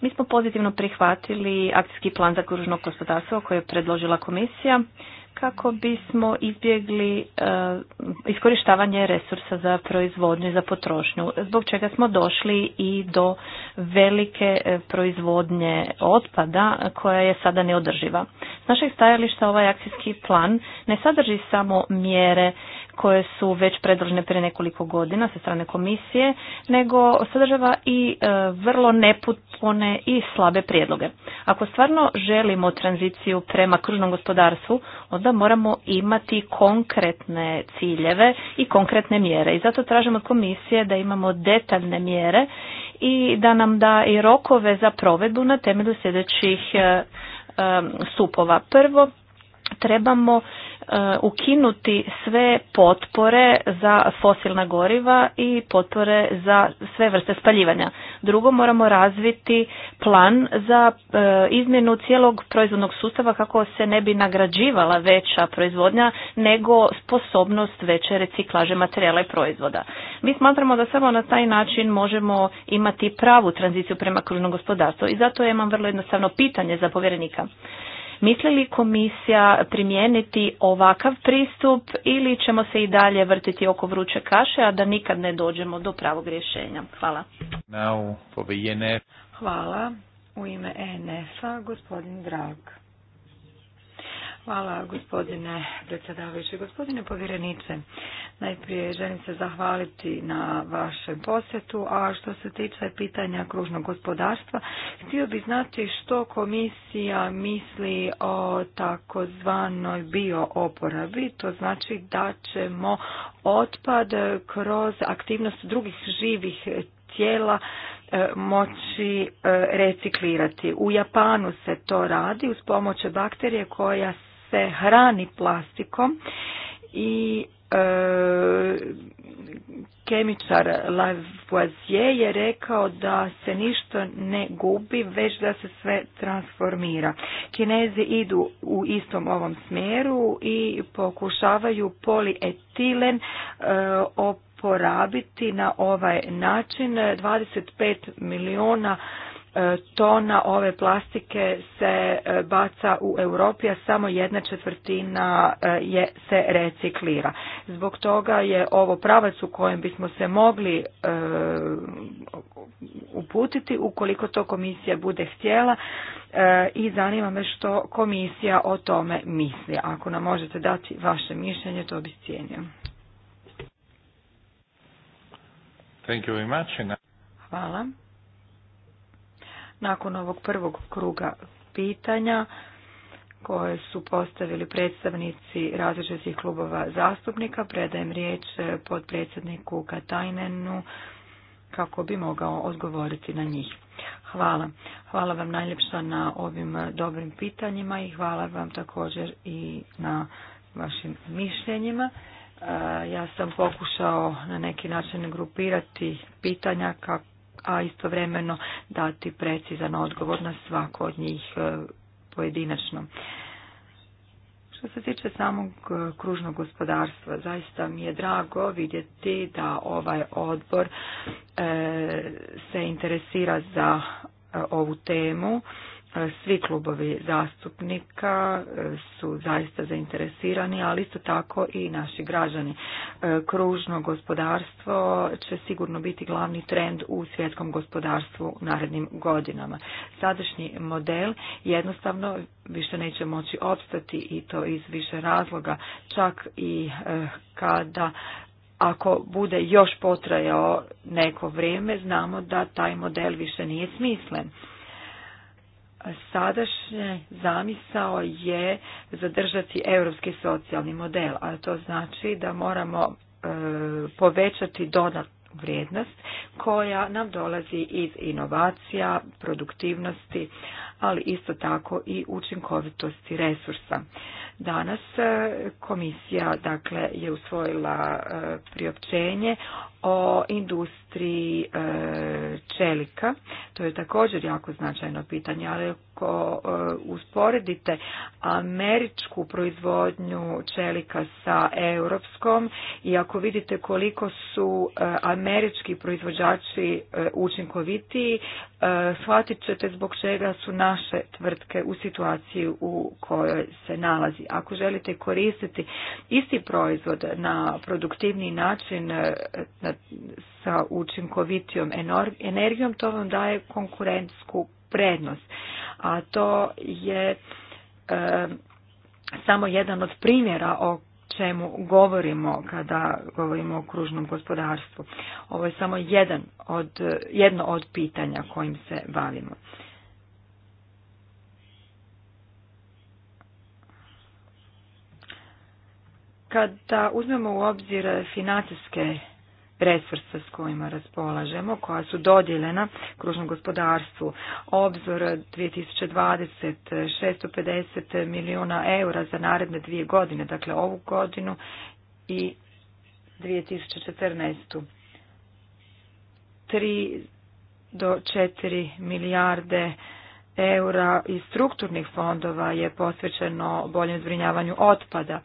Mi smo pozitivno prihvatili akcijski plan za kružno gospodarstvo koje je predložila komisija kako bismo izbjegli e, iskorištavanje resursa za proizvodnju i za potrošnju, zbog čega smo došli i do velike e, proizvodnje otpada koja je sada neodrživa. S našeg stajališta ovaj akcijski plan ne sadrži samo mjere koje su već predložene prije nekoliko godina sa strane komisije, nego sadržava i e, vrlo neputpone i slabe prijedloge. Ako stvarno želimo tranziciju prema kružnom gospodarstvu, onda moramo imati konkretne ciljeve i konkretne mjere. I zato tražimo od komisije da imamo detaljne mjere i da nam da i rokove za provedbu na temelju sljedećih e, e, stupova. Prvo, trebamo E, ukinuti sve potpore za fosilna goriva i potpore za sve vrste spaljivanja. Drugo, moramo razviti plan za e, izmjenu cijelog proizvodnog sustava kako se ne bi nagrađivala veća proizvodnja nego sposobnost veće reciklaže materijala i proizvoda. Mi smatramo da samo na taj način možemo imati pravu tranziciju prema kružnom gospodarstvu i zato imam vrlo jednostavno pitanje za povjerenika. Misli li komisija primijeniti ovakav pristup ili ćemo se i dalje vrtiti oko vruće kaše, a da nikad ne dođemo do pravog rješenja? Hvala. E Hvala. U ime ENF-a gospodin Drag. Hvala gospodine predsjedavajući. Gospodine povjerenice, najprije želim se zahvaliti na vašem posjetu, a što se tiče pitanja kružnog gospodarstva, htio bi znati što komisija misli o takozvanoj biooporabi, to znači da ćemo otpad kroz aktivnost drugih živih tijela e, moći e, reciklirati. U Japanu se to radi uz pomoć bakterije koja se hrani plastikom i e, kemičar Lavoisier je rekao da se ništa ne gubi, već da se sve transformira. Kinezi idu u istom ovom smjeru i pokušavaju polietilen e, oporabiti na ovaj način 25 milijuna E, tona ove plastike se e, baca u Europi, a samo jedna četvrtina e, je, se reciklira. Zbog toga je ovo pravac u kojem bismo se mogli uputiti ukoliko to komisija bude htjela i zanima me što komisija o tome misli. Ako nam možete dati vaše mišljenje, to bi cijenio. Thank you very much. Hvala. Nakon ovog prvog kruga pitanja koje su postavili predstavnici različitih klubova zastupnika, predajem riječ e, predsjedniku Katajnenu kako bi mogao odgovoriti na njih. Hvala. Hvala vam najljepša na ovim dobrim pitanjima i hvala vam također i na vašim mišljenjima. E, ja sam pokušao na neki način grupirati pitanja kako a istovremeno dati precizan odgovor na svako od njih e, pojedinačno. Što se tiče samog e, kružnog gospodarstva, zaista mi je drago vidjeti da ovaj odbor e, se interesira za ovu temu svi klubovi zastupnika e, su zaista zainteresirani, ali isto tako i naši građani. E, kružno gospodarstvo će sigurno biti glavni trend u svjetskom gospodarstvu u narednim godinama. Sadašnji model jednostavno više neće moći opstati i to iz više razloga, čak i e, kada ako bude još potrajao neko vrijeme, znamo da taj model više nije smislen sadašnje zamisao je zadržati europski socijalni model, a to znači da moramo e, povećati dodatno vrijednost koja nam dolazi iz inovacija, produktivnosti, ali isto tako i učinkovitosti resursa. Danas e, komisija dakle je usvojila e, priopćenje o industriji e, čelika. To je također jako značajno pitanje, ali ako usporedite američku proizvodnju čelika sa europskom i ako vidite koliko su američki proizvođači učinkovitiji, shvatit ćete zbog čega su naše tvrtke u situaciji u kojoj se nalazi ako želite koristiti isti proizvod na produktivni način e, sa učinkovitijom energijom, to vam daje konkurentsku prednost. A to je e, samo jedan od primjera o čemu govorimo kada govorimo o kružnom gospodarstvu. Ovo je samo jedan od, jedno od pitanja kojim se bavimo. Kada uzmemo u obzir financijske resurse s kojima raspolažemo, koja su dodjelena kružnom gospodarstvu, obzor 2020, 650 milijuna eura za naredne dvije godine, dakle ovu godinu i 2014. 3 do 4 milijarde eura iz strukturnih fondova je posvećeno boljem zbrinjavanju otpada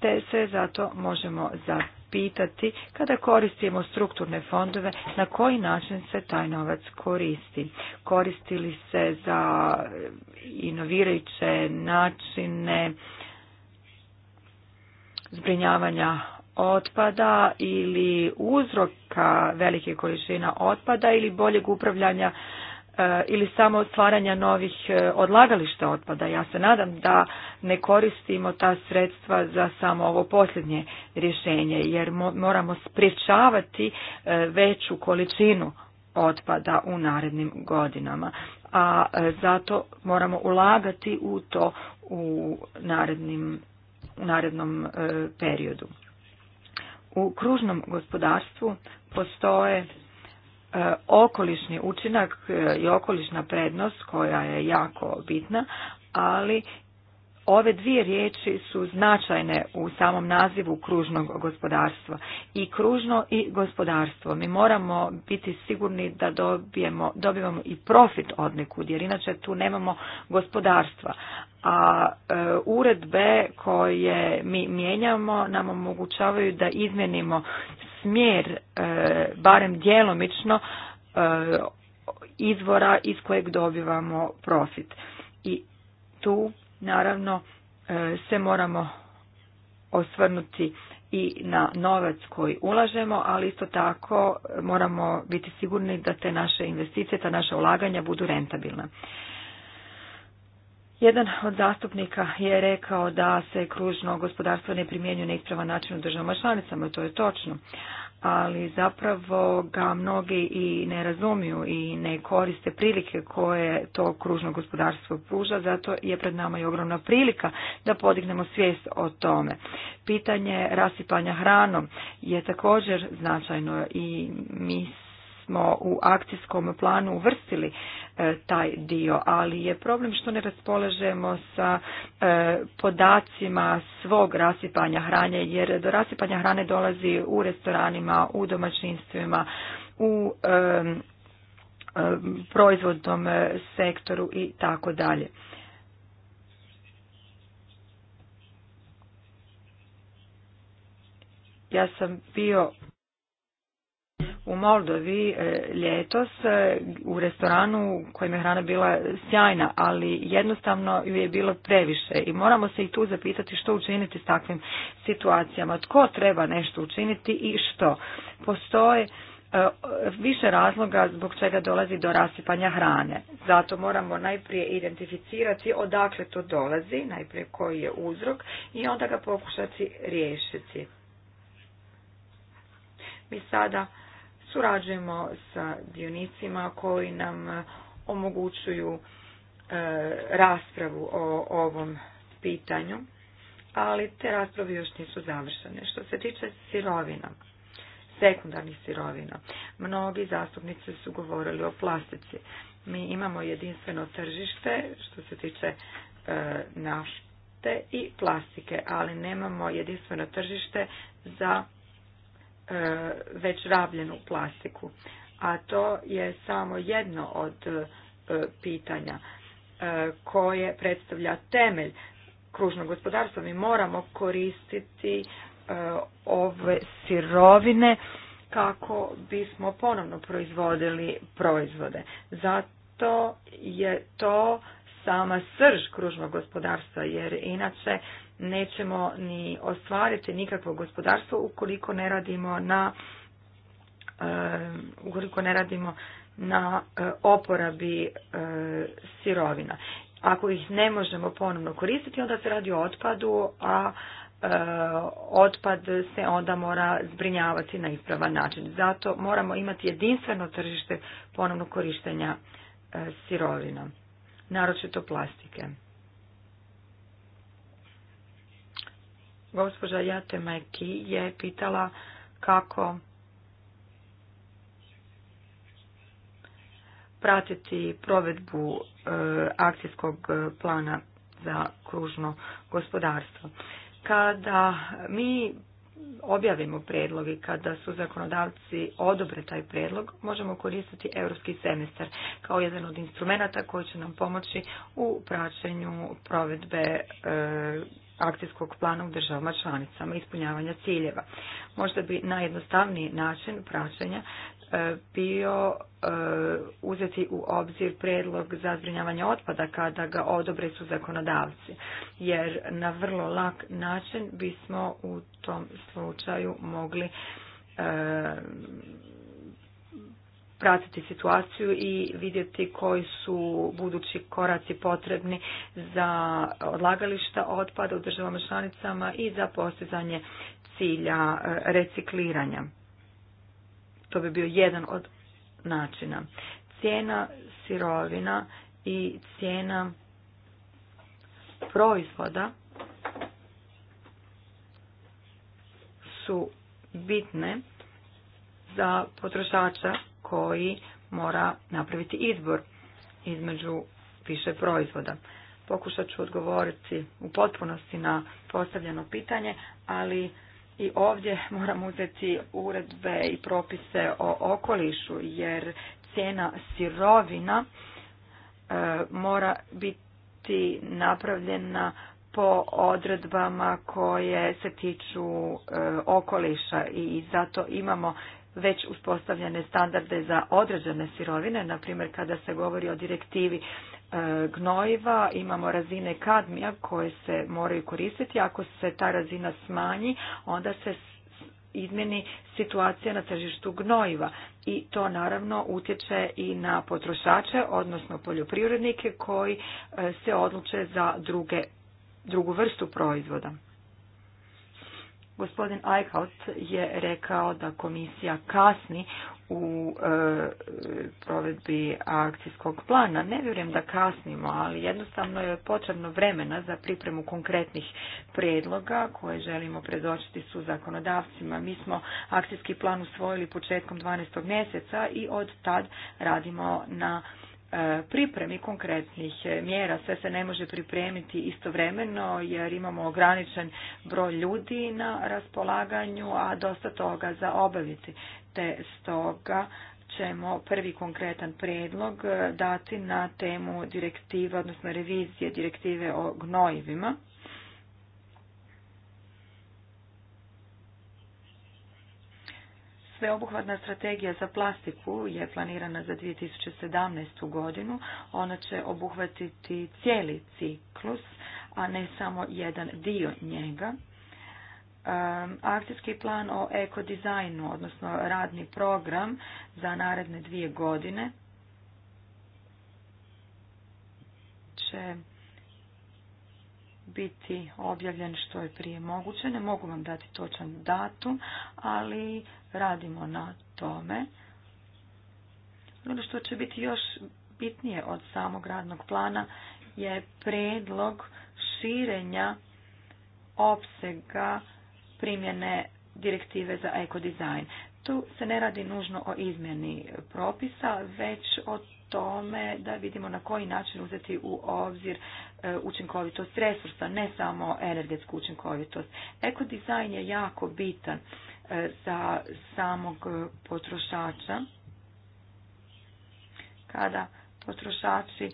te se zato možemo zapitati kada koristimo strukturne fondove na koji način se taj novac koristi. Koristi li se za inovirajuće načine zbrinjavanja otpada ili uzroka velike količina otpada ili boljeg upravljanja E, ili samo stvaranja novih e, odlagališta otpada. Ja se nadam da ne koristimo ta sredstva za samo ovo posljednje rješenje jer moramo sprječavati e, veću količinu otpada u narednim godinama, a zato moramo ulagati u to u narednim, u narednom periodu. U kružnom gospodarstvu postoje okolišni učinak e, i okolišna prednost koja je jako bitna, ali ove dvije riječi su značajne u samom nazivu kružnog gospodarstva. I kružno i gospodarstvo. Mi moramo biti sigurni da dobijemo, dobivamo i profit od nekud, jer inače tu nemamo gospodarstva. A e, uredbe koje mi mijenjamo nam omogućavaju da izmjenimo smjer e, barem djelomično e, izvora iz kojeg dobivamo profit. I tu naravno e, se moramo osvrnuti i na novac koji ulažemo, ali isto tako moramo biti sigurni da te naše investicije, ta naša ulaganja budu rentabilna. Jedan od zastupnika je rekao da se kružno gospodarstvo ne primjenjuje na ispravan način u državama članicama to je točno. Ali zapravo ga mnogi i ne razumiju i ne koriste prilike koje to kružno gospodarstvo pruža, zato je pred nama i ogromna prilika da podignemo svijest o tome. Pitanje rasipanja hranom je također značajno i mi smo u akcijskom planu uvrstili E, taj dio, ali je problem što ne raspolažemo sa e, podacima svog rasipanja hrane, jer do rasipanja hrane dolazi u restoranima, u domaćinstvima, u e, proizvodnom sektoru i tako dalje. Ja sam bio u Moldovi e, ljetos e, u restoranu u kojem je hrana bila sjajna, ali jednostavno ju je bilo previše i moramo se i tu zapitati što učiniti s takvim situacijama, tko treba nešto učiniti i što. Postoje e, više razloga zbog čega dolazi do rasipanja hrane. Zato moramo najprije identificirati odakle to dolazi, najprije koji je uzrok i onda ga pokušati riješiti. Mi sada surađujemo sa dionicima koji nam e, omogućuju e, raspravu o ovom pitanju, ali te rasprave još nisu završene. Što se tiče sirovina, sekundarnih sirovina, mnogi zastupnici su govorili o plastici. Mi imamo jedinstveno tržište što se tiče e, nafte i plastike, ali nemamo jedinstveno tržište za E, već rabljenu plastiku. A to je samo jedno od e, pitanja e, koje predstavlja temelj kružnog gospodarstva. Mi moramo koristiti ove sirovine kako bismo ponovno proizvodili proizvode. Zato je to sama srž kružnog gospodarstva jer inače nećemo ni ostvariti nikakvo gospodarstvo ukoliko ne radimo na eh, ukoliko ne radimo na eh, oporabi eh, sirovina. Ako ih ne možemo ponovno koristiti, onda se radi o otpadu, a otpad se onda mora zbrinjavati na ispravan način. Zato moramo imati jedinstveno tržište ponovno korištenja sirovina, naročito plastike. Gospođa Jate Majki je pitala kako pratiti provedbu e, akcijskog plana za kružno gospodarstvo. Kada mi objavimo i kada su zakonodavci odobre taj predlog, možemo koristiti europski semestar kao jedan od instrumenta koji će nam pomoći u praćenju provedbe e, akcijskog plana u državama članicama ispunjavanja ciljeva. Možda bi najjednostavniji način praćenja e, bio e, uzeti u obzir predlog za zbrinjavanje otpada kada ga odobre su zakonodavci, jer na vrlo lak način bismo u tom slučaju mogli e, pratiti situaciju i vidjeti koji su budući koraci potrebni za odlagališta otpada u državama članicama i za postizanje cilja e, recikliranja. To bi bio jedan od načina. Cijena sirovina i cijena proizvoda su bitne za potrošača koji mora napraviti izbor između više proizvoda. Pokušat ću odgovoriti u potpunosti na postavljeno pitanje, ali i ovdje moram uzeti uredbe i propise o okolišu, jer cijena sirovina e, mora biti napravljena po odredbama koje se tiču e, okoliša i zato imamo već uspostavljene standarde za određene sirovine, na primjer kada se govori o direktivi e, gnojiva, imamo razine kadmija koje se moraju koristiti, ako se ta razina smanji, onda se izmjeni situacija na tržištu gnojiva i to naravno utječe i na potrošače, odnosno poljoprivrednike koji e, se odluče za druge, drugu vrstu proizvoda. Gospodin Eichhout je rekao da komisija kasni u e, provedbi akcijskog plana. Ne vjerujem da kasnimo, ali jednostavno je potrebno vremena za pripremu konkretnih prijedloga koje želimo predočiti su zakonodavcima. Mi smo akcijski plan usvojili početkom 12. mjeseca i od tad radimo na E, pripremi konkretnih e, mjera. Sve se ne može pripremiti istovremeno jer imamo ograničen broj ljudi na raspolaganju, a dosta toga za obaviti. Te stoga ćemo prvi konkretan predlog e, dati na temu direktive, odnosno revizije direktive o gnojivima. Sveobuhvatna strategija za plastiku je planirana za 2017. godinu. Ona će obuhvatiti cijeli ciklus, a ne samo jedan dio njega. Akcijski plan o ekodizajnu, odnosno radni program za naredne dvije godine, će biti objavljen što je prije moguće. Ne mogu vam dati točan datum, ali radimo na tome. Ono što će biti još bitnije od samog radnog plana je predlog širenja opsega primjene direktive za ekodizajn. Tu se ne radi nužno o izmjeni propisa, već o tome da vidimo na koji način uzeti u obzir E, učinkovitost resursa, ne samo energetsku učinkovitost. Ekodizajn je jako bitan e, za samog e, potrošača. Kada potrošači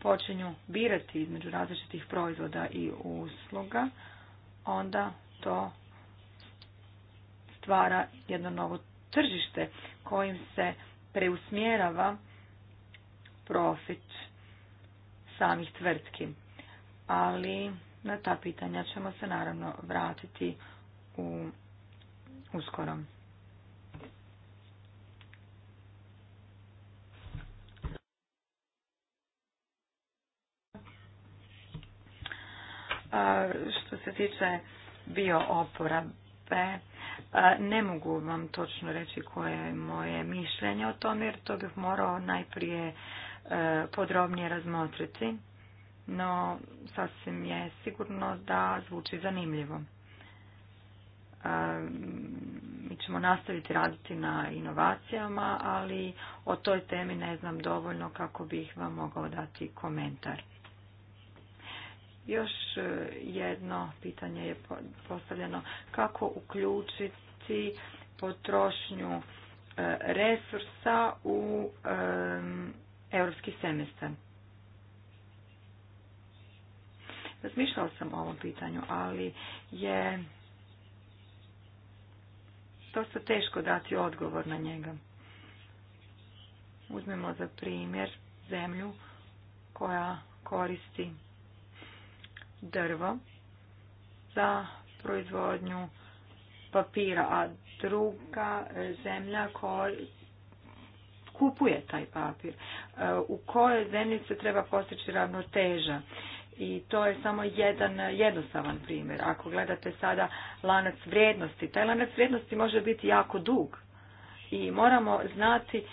počinju birati između različitih proizvoda i usluga, onda to stvara jedno novo tržište kojim se preusmjerava profit samih tvrtki ali na ta pitanja ćemo se naravno vratiti u uskoro. A što se tiče bio oporabe, ne mogu vam točno reći koje je moje mišljenje o tome, jer to bih morao najprije e, podrobnije razmotriti no sasvim je sigurno da zvuči zanimljivo. E, mi ćemo nastaviti raditi na inovacijama, ali o toj temi ne znam dovoljno kako bih vam mogao dati komentar. Još e, jedno pitanje je postavljeno kako uključiti potrošnju e, resursa u europski semestar. Razmišljala sam o ovom pitanju, ali je dosta teško dati odgovor na njega. Uzmemo za primjer zemlju koja koristi drvo za proizvodnju papira, a druga zemlja koja kupuje taj papir. E, u kojoj zemlji se treba postići ravnoteža? i to je samo jedan jednostavan primjer. Ako gledate sada lanac vrijednosti, taj lanac vrijednosti može biti jako dug i moramo znati e,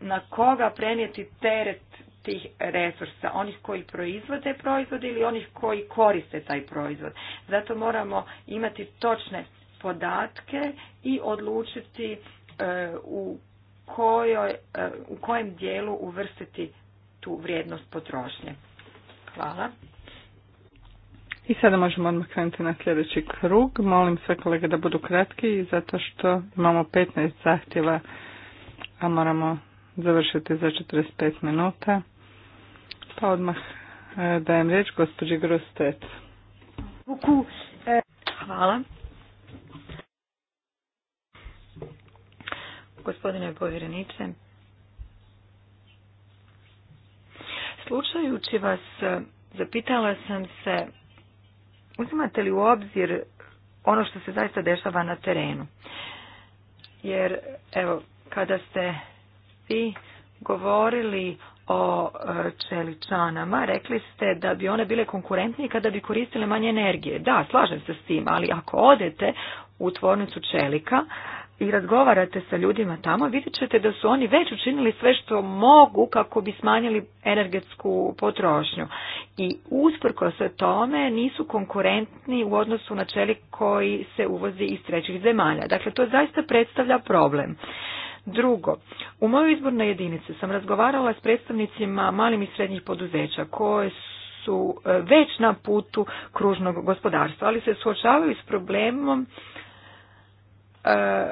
na koga prenijeti teret tih resursa, onih koji proizvode proizvod ili onih koji koriste taj proizvod. Zato moramo imati točne podatke i odlučiti e, u, kojoj, e, u kojem dijelu uvrstiti tu vrijednost potrošnje. Hvala. I sada možemo odmah krenuti na sljedeći krug. Molim sve kolege da budu kratki zato što imamo 15 zahtjeva, a moramo završiti za 45 minuta. Pa odmah e, dajem riječ gospođi Grostet. E, Hvala. Gospodine povjereniče, slušajući vas zapitala sam se uzimate li u obzir ono što se zaista dešava na terenu? Jer, evo, kada ste vi govorili o e, čeličanama, rekli ste da bi one bile konkurentnije kada bi koristile manje energije. Da, slažem se s tim, ali ako odete u tvornicu čelika, i razgovarate sa ljudima tamo, vidjet ćete da su oni već učinili sve što mogu kako bi smanjili energetsku potrošnju. I usprko se tome nisu konkurentni u odnosu na čelik koji se uvozi iz trećih zemalja. Dakle, to zaista predstavlja problem. Drugo, u mojoj izbornoj jedinici sam razgovarala s predstavnicima malim i srednjih poduzeća koje su e, već na putu kružnog gospodarstva, ali se suočavaju s problemom Eh,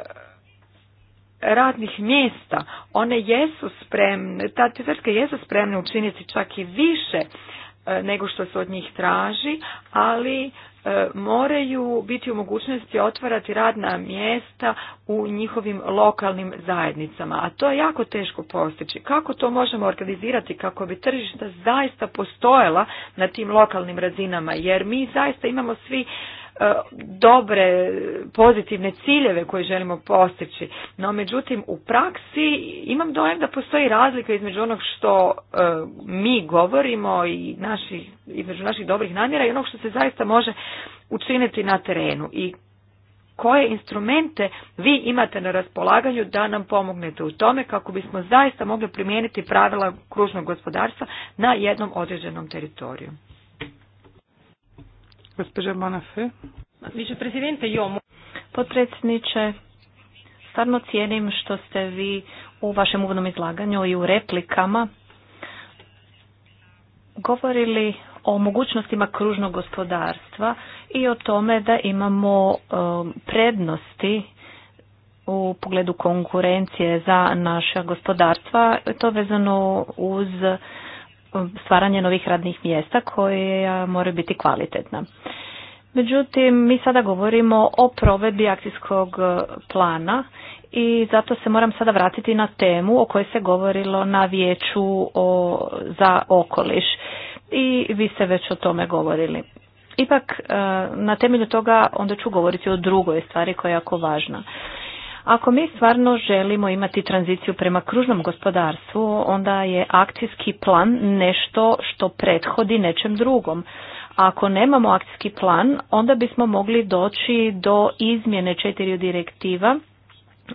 radnih mjesta. One jesu spremne, ta tvrtka jesu spremne učiniti čak i više eh, nego što se od njih traži, ali eh, moraju biti u mogućnosti otvarati radna mjesta u njihovim lokalnim zajednicama, a to je jako teško postići. Kako to možemo organizirati kako bi tržišta zaista postojala na tim lokalnim razinama, jer mi zaista imamo svi dobre pozitivne ciljeve koje želimo postići. No međutim u praksi imam dojem da postoji razlika između onog što e, mi govorimo i naši, između naših dobrih namjera i onog što se zaista može učiniti na terenu i koje instrumente vi imate na raspolaganju da nam pomognete u tome kako bismo zaista mogli primijeniti pravila kružnog gospodarstva na jednom određenom teritoriju. Gospođa Bonafé. Potpredsjedniče, stvarno cijenim što ste vi u vašem uvodnom izlaganju i u replikama govorili o mogućnostima kružnog gospodarstva i o tome da imamo um, prednosti u pogledu konkurencije za naša gospodarstva, to vezano uz stvaranje novih radnih mjesta koja moraju biti kvalitetna. Međutim, mi sada govorimo o provedbi akcijskog plana i zato se moram sada vratiti na temu o kojoj se govorilo na vijeću o, za okoliš i vi ste već o tome govorili. Ipak, eh, na temelju toga onda ću govoriti o drugoj stvari koja je jako važna. Ako mi stvarno želimo imati tranziciju prema kružnom gospodarstvu, onda je akcijski plan nešto što prethodi nečem drugom. Ako nemamo akcijski plan, onda bismo mogli doći do izmjene četiri direktiva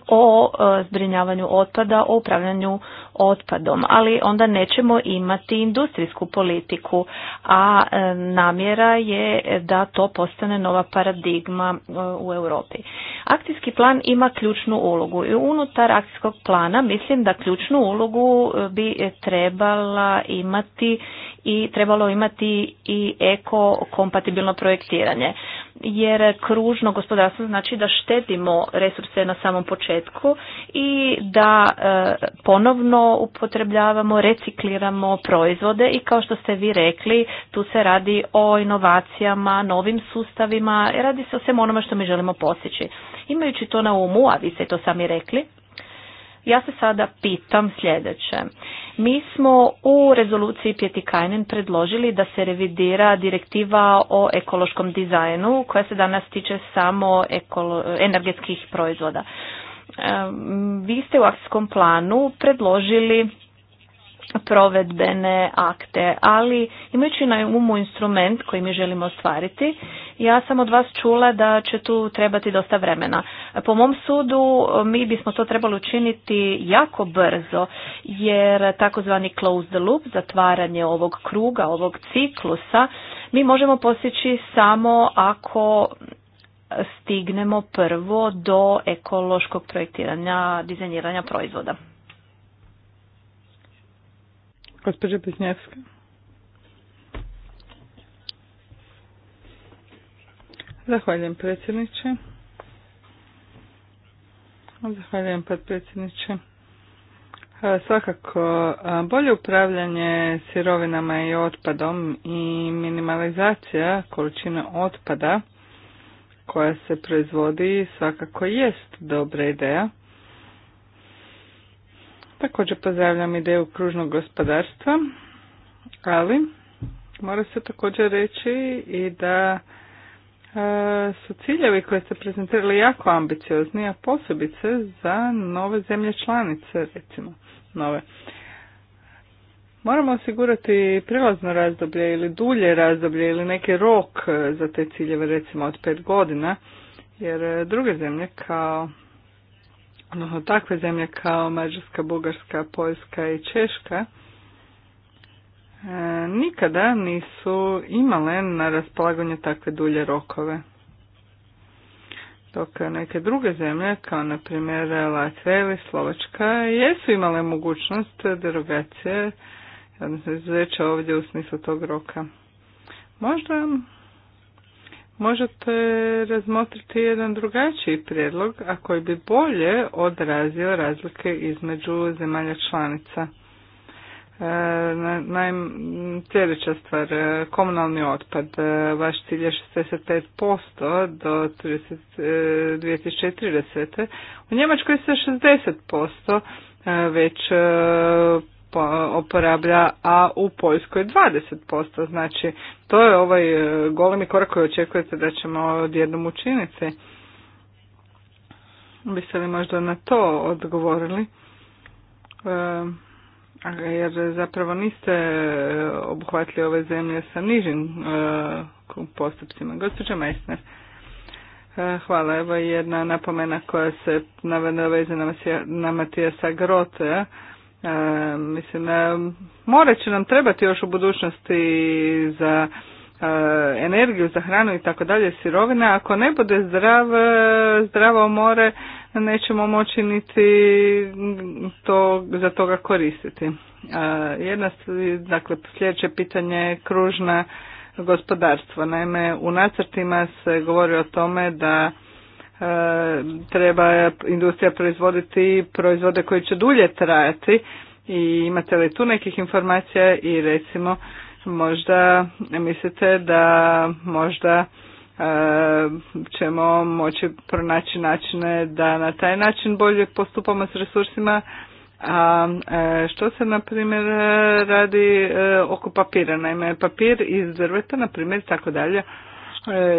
o e, zbrinjavanju otpada, o upravljanju otpadom, ali onda nećemo imati industrijsku politiku, a e, namjera je da to postane nova paradigma e, u Europi. Akcijski plan ima ključnu ulogu i unutar akcijskog plana mislim da ključnu ulogu bi trebala imati i trebalo imati i ekokompatibilno projektiranje jer kružno gospodarstvo znači da štedimo resurse na samom početku i da e, ponovno upotrebljavamo, recikliramo proizvode i kao što ste vi rekli, tu se radi o inovacijama, novim sustavima, radi se o svemu onome što mi želimo postići. Imajući to na umu, a vi ste to sami rekli, ja se sada pitam sljedeće. Mi smo u rezoluciji Pjetikajnen predložili da se revidira direktiva o ekološkom dizajnu koja se danas tiče samo energetskih proizvoda. E, vi ste u akcijskom planu predložili provedbene akte, ali imajući na umu instrument koji mi želimo ostvariti, ja sam od vas čula da će tu trebati dosta vremena. Po mom sudu mi bismo to trebali učiniti jako brzo jer takozvani closed the loop, zatvaranje ovog kruga, ovog ciklusa, mi možemo posjeći samo ako stignemo prvo do ekološkog projektiranja, dizajniranja proizvoda. Gospođa Pisnjevska. Zahvaljujem predsjedniče. Zahvaljujem potpredsjedniče. E, svakako, e, bolje upravljanje sirovinama i otpadom i minimalizacija količine otpada koja se proizvodi svakako jest dobra ideja. Također pozdravljam ideju kružnog gospodarstva, ali mora se također reći i da E, su ciljevi koje ste prezentirali jako ambiciozni, a posebice za nove zemlje članice, recimo, nove. Moramo osigurati prilazno razdoblje ili dulje razdoblje ili neki rok za te ciljeve, recimo od pet godina, jer druge zemlje kao, odnosno takve zemlje kao Mađarska, Bugarska, Poljska i Češka, E, nikada nisu imale na raspolaganju takve dulje rokove. Dok neke druge zemlje, kao na primjer Latvija ili Slovačka, jesu imale mogućnost derogacije, odnosno izuzeća ovdje u smislu tog roka. Možda možete razmotriti jedan drugačiji prijedlog, a koji bi bolje odrazio razlike između zemalja članica. E, Naj, sljedeća stvar, e, komunalni otpad. E, vaš cilj je 65% do 30, 2030. U Njemačkoj se 60% već oporablja, a u Poljskoj 20%. Znači, to je ovaj golemi korak koji očekujete da ćemo odjednom učiniti. Biste li možda na to odgovorili? jer zapravo niste e, obuhvatili ove zemlje sa nižim e, postupcima. Gospođa Meissner, e, hvala. Evo jedna napomena koja se veze na Matijasa grote mislim, morat će nam trebati još u budućnosti za E, energiju za hranu i tako dalje, sirovine, ako ne bude zdrav, e, zdravo more, nećemo moći niti to, za toga koristiti. E, jedna, dakle, sljedeće pitanje je kružna gospodarstvo. Naime, u nacrtima se govori o tome da treba industrija proizvoditi proizvode koji će dulje trajati i imate li tu nekih informacija i recimo možda mislite da možda e, ćemo moći pronaći načine da na taj način bolje postupamo s resursima. A e, što se na primjer radi e, oko papira? Naime, papir iz drveta, na primjer, tako dalje.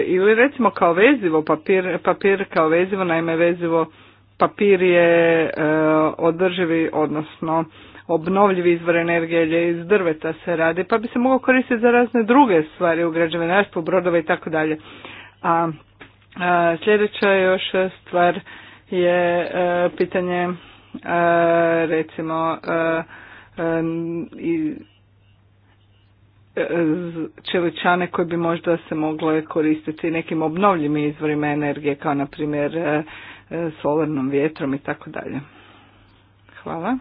Ili recimo kao vezivo, papir, papir kao vezivo, naime vezivo papir je održivi, odnosno obnovljivi izvor energije ili iz drveta se radi, pa bi se mogao koristiti za razne druge stvari u građevinarstvu, brodove i tako dalje. A sljedeća još stvar je e, pitanje e, recimo e, i čeličane koje bi možda se mogle koristiti nekim obnovljivim izvorima energije kao na primjer solarnom vjetrom i tako dalje. Hvala.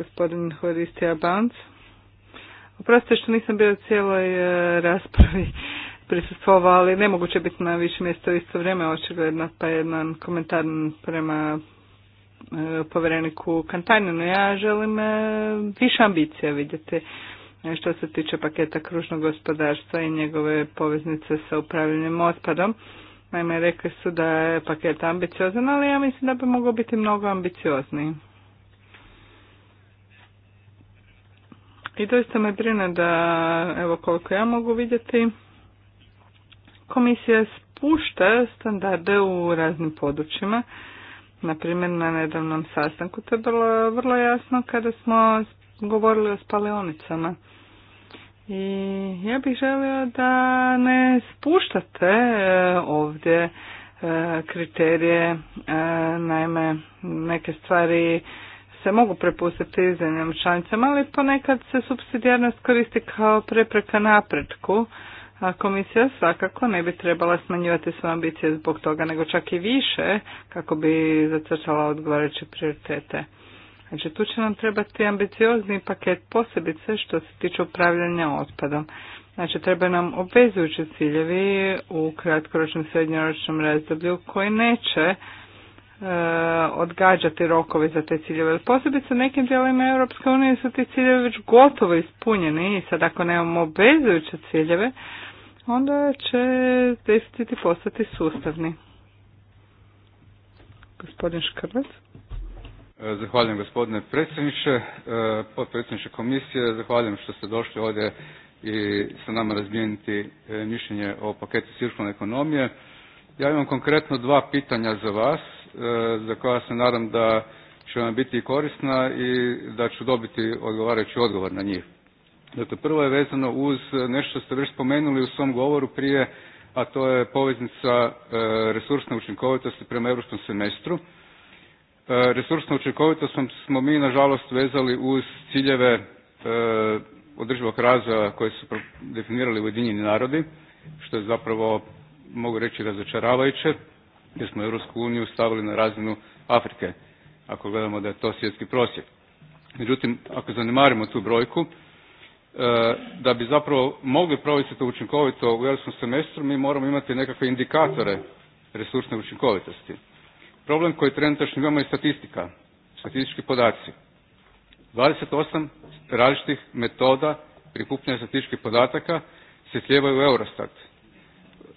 gospodin Horistija Bounce. Oprostite što nisam bio cijeloj e, raspravi prisustvovao, ali nemoguće biti na više mjesta u isto vrijeme, očigledno, pa jedan komentar prema e, povjereniku Kantajnenu. Ja želim e, više ambicija vidjeti što se tiče paketa kružnog gospodarstva i njegove poveznice sa upravljanjem otpadom. Naime, rekli su da je paket ambiciozan, ali ja mislim da bi mogao biti mnogo ambiciozniji. I doista me brine da, evo koliko ja mogu vidjeti, komisija spušta standarde u raznim područjima. Naprimjer, na nedavnom sastanku to je bilo vrlo jasno kada smo govorili o spalionicama. I ja bih želio da ne spuštate e, ovdje e, kriterije, e, naime neke stvari se mogu prepustiti zemljama članicama, ali ponekad se subsidijarnost koristi kao prepreka napretku, a komisija svakako ne bi trebala smanjivati svoje ambicije zbog toga, nego čak i više kako bi zacrčala odgovarajuće prioritete. Znači tu će nam trebati ambiciozni paket posebice što se tiče upravljanja otpadom. Znači treba nam obvezujući ciljevi u kratkoročnom srednjoročnom razdoblju koji neće E, odgađati rokovi za te ciljeve. Posebice u nekim dijelima Europske unije su ti ciljevi već gotovo ispunjeni i sad ako nemamo obvezujuće ciljeve, onda će deficiti postati sustavni. Gospodin Škrbac. E, zahvaljujem gospodine predsjedniče, e, potpredsjedniče komisije, zahvaljujem što ste došli ovdje i sa nama razmijeniti mišljenje o paketu cirkulne ekonomije. Ja imam konkretno dva pitanja za vas. E, za koja se nadam da će vam biti korisna i da ću dobiti odgovarajući odgovor na njih. Dakle, prvo je vezano uz nešto što ste već spomenuli u svom govoru prije, a to je poveznica e, resursne učinkovitosti prema europskom semestru. E, Resursnu učinkovitost smo mi nažalost vezali uz ciljeve održivog razvoja koje su definirali Ujedinjeni narodi, što je zapravo mogu reći razočaravajuće jer smo Europsku stavili na razinu Afrike, ako gledamo da je to svjetski prosjek. Međutim, ako zanimarimo tu brojku, e, da bi zapravo mogli provesti to učinkovito u europskom semestru, mi moramo imati nekakve indikatore resursne učinkovitosti. Problem koji trenutačno imamo je statistika, statistički podaci. 28 različitih metoda prikupljanja statističkih podataka se slijevaju u Eurostat.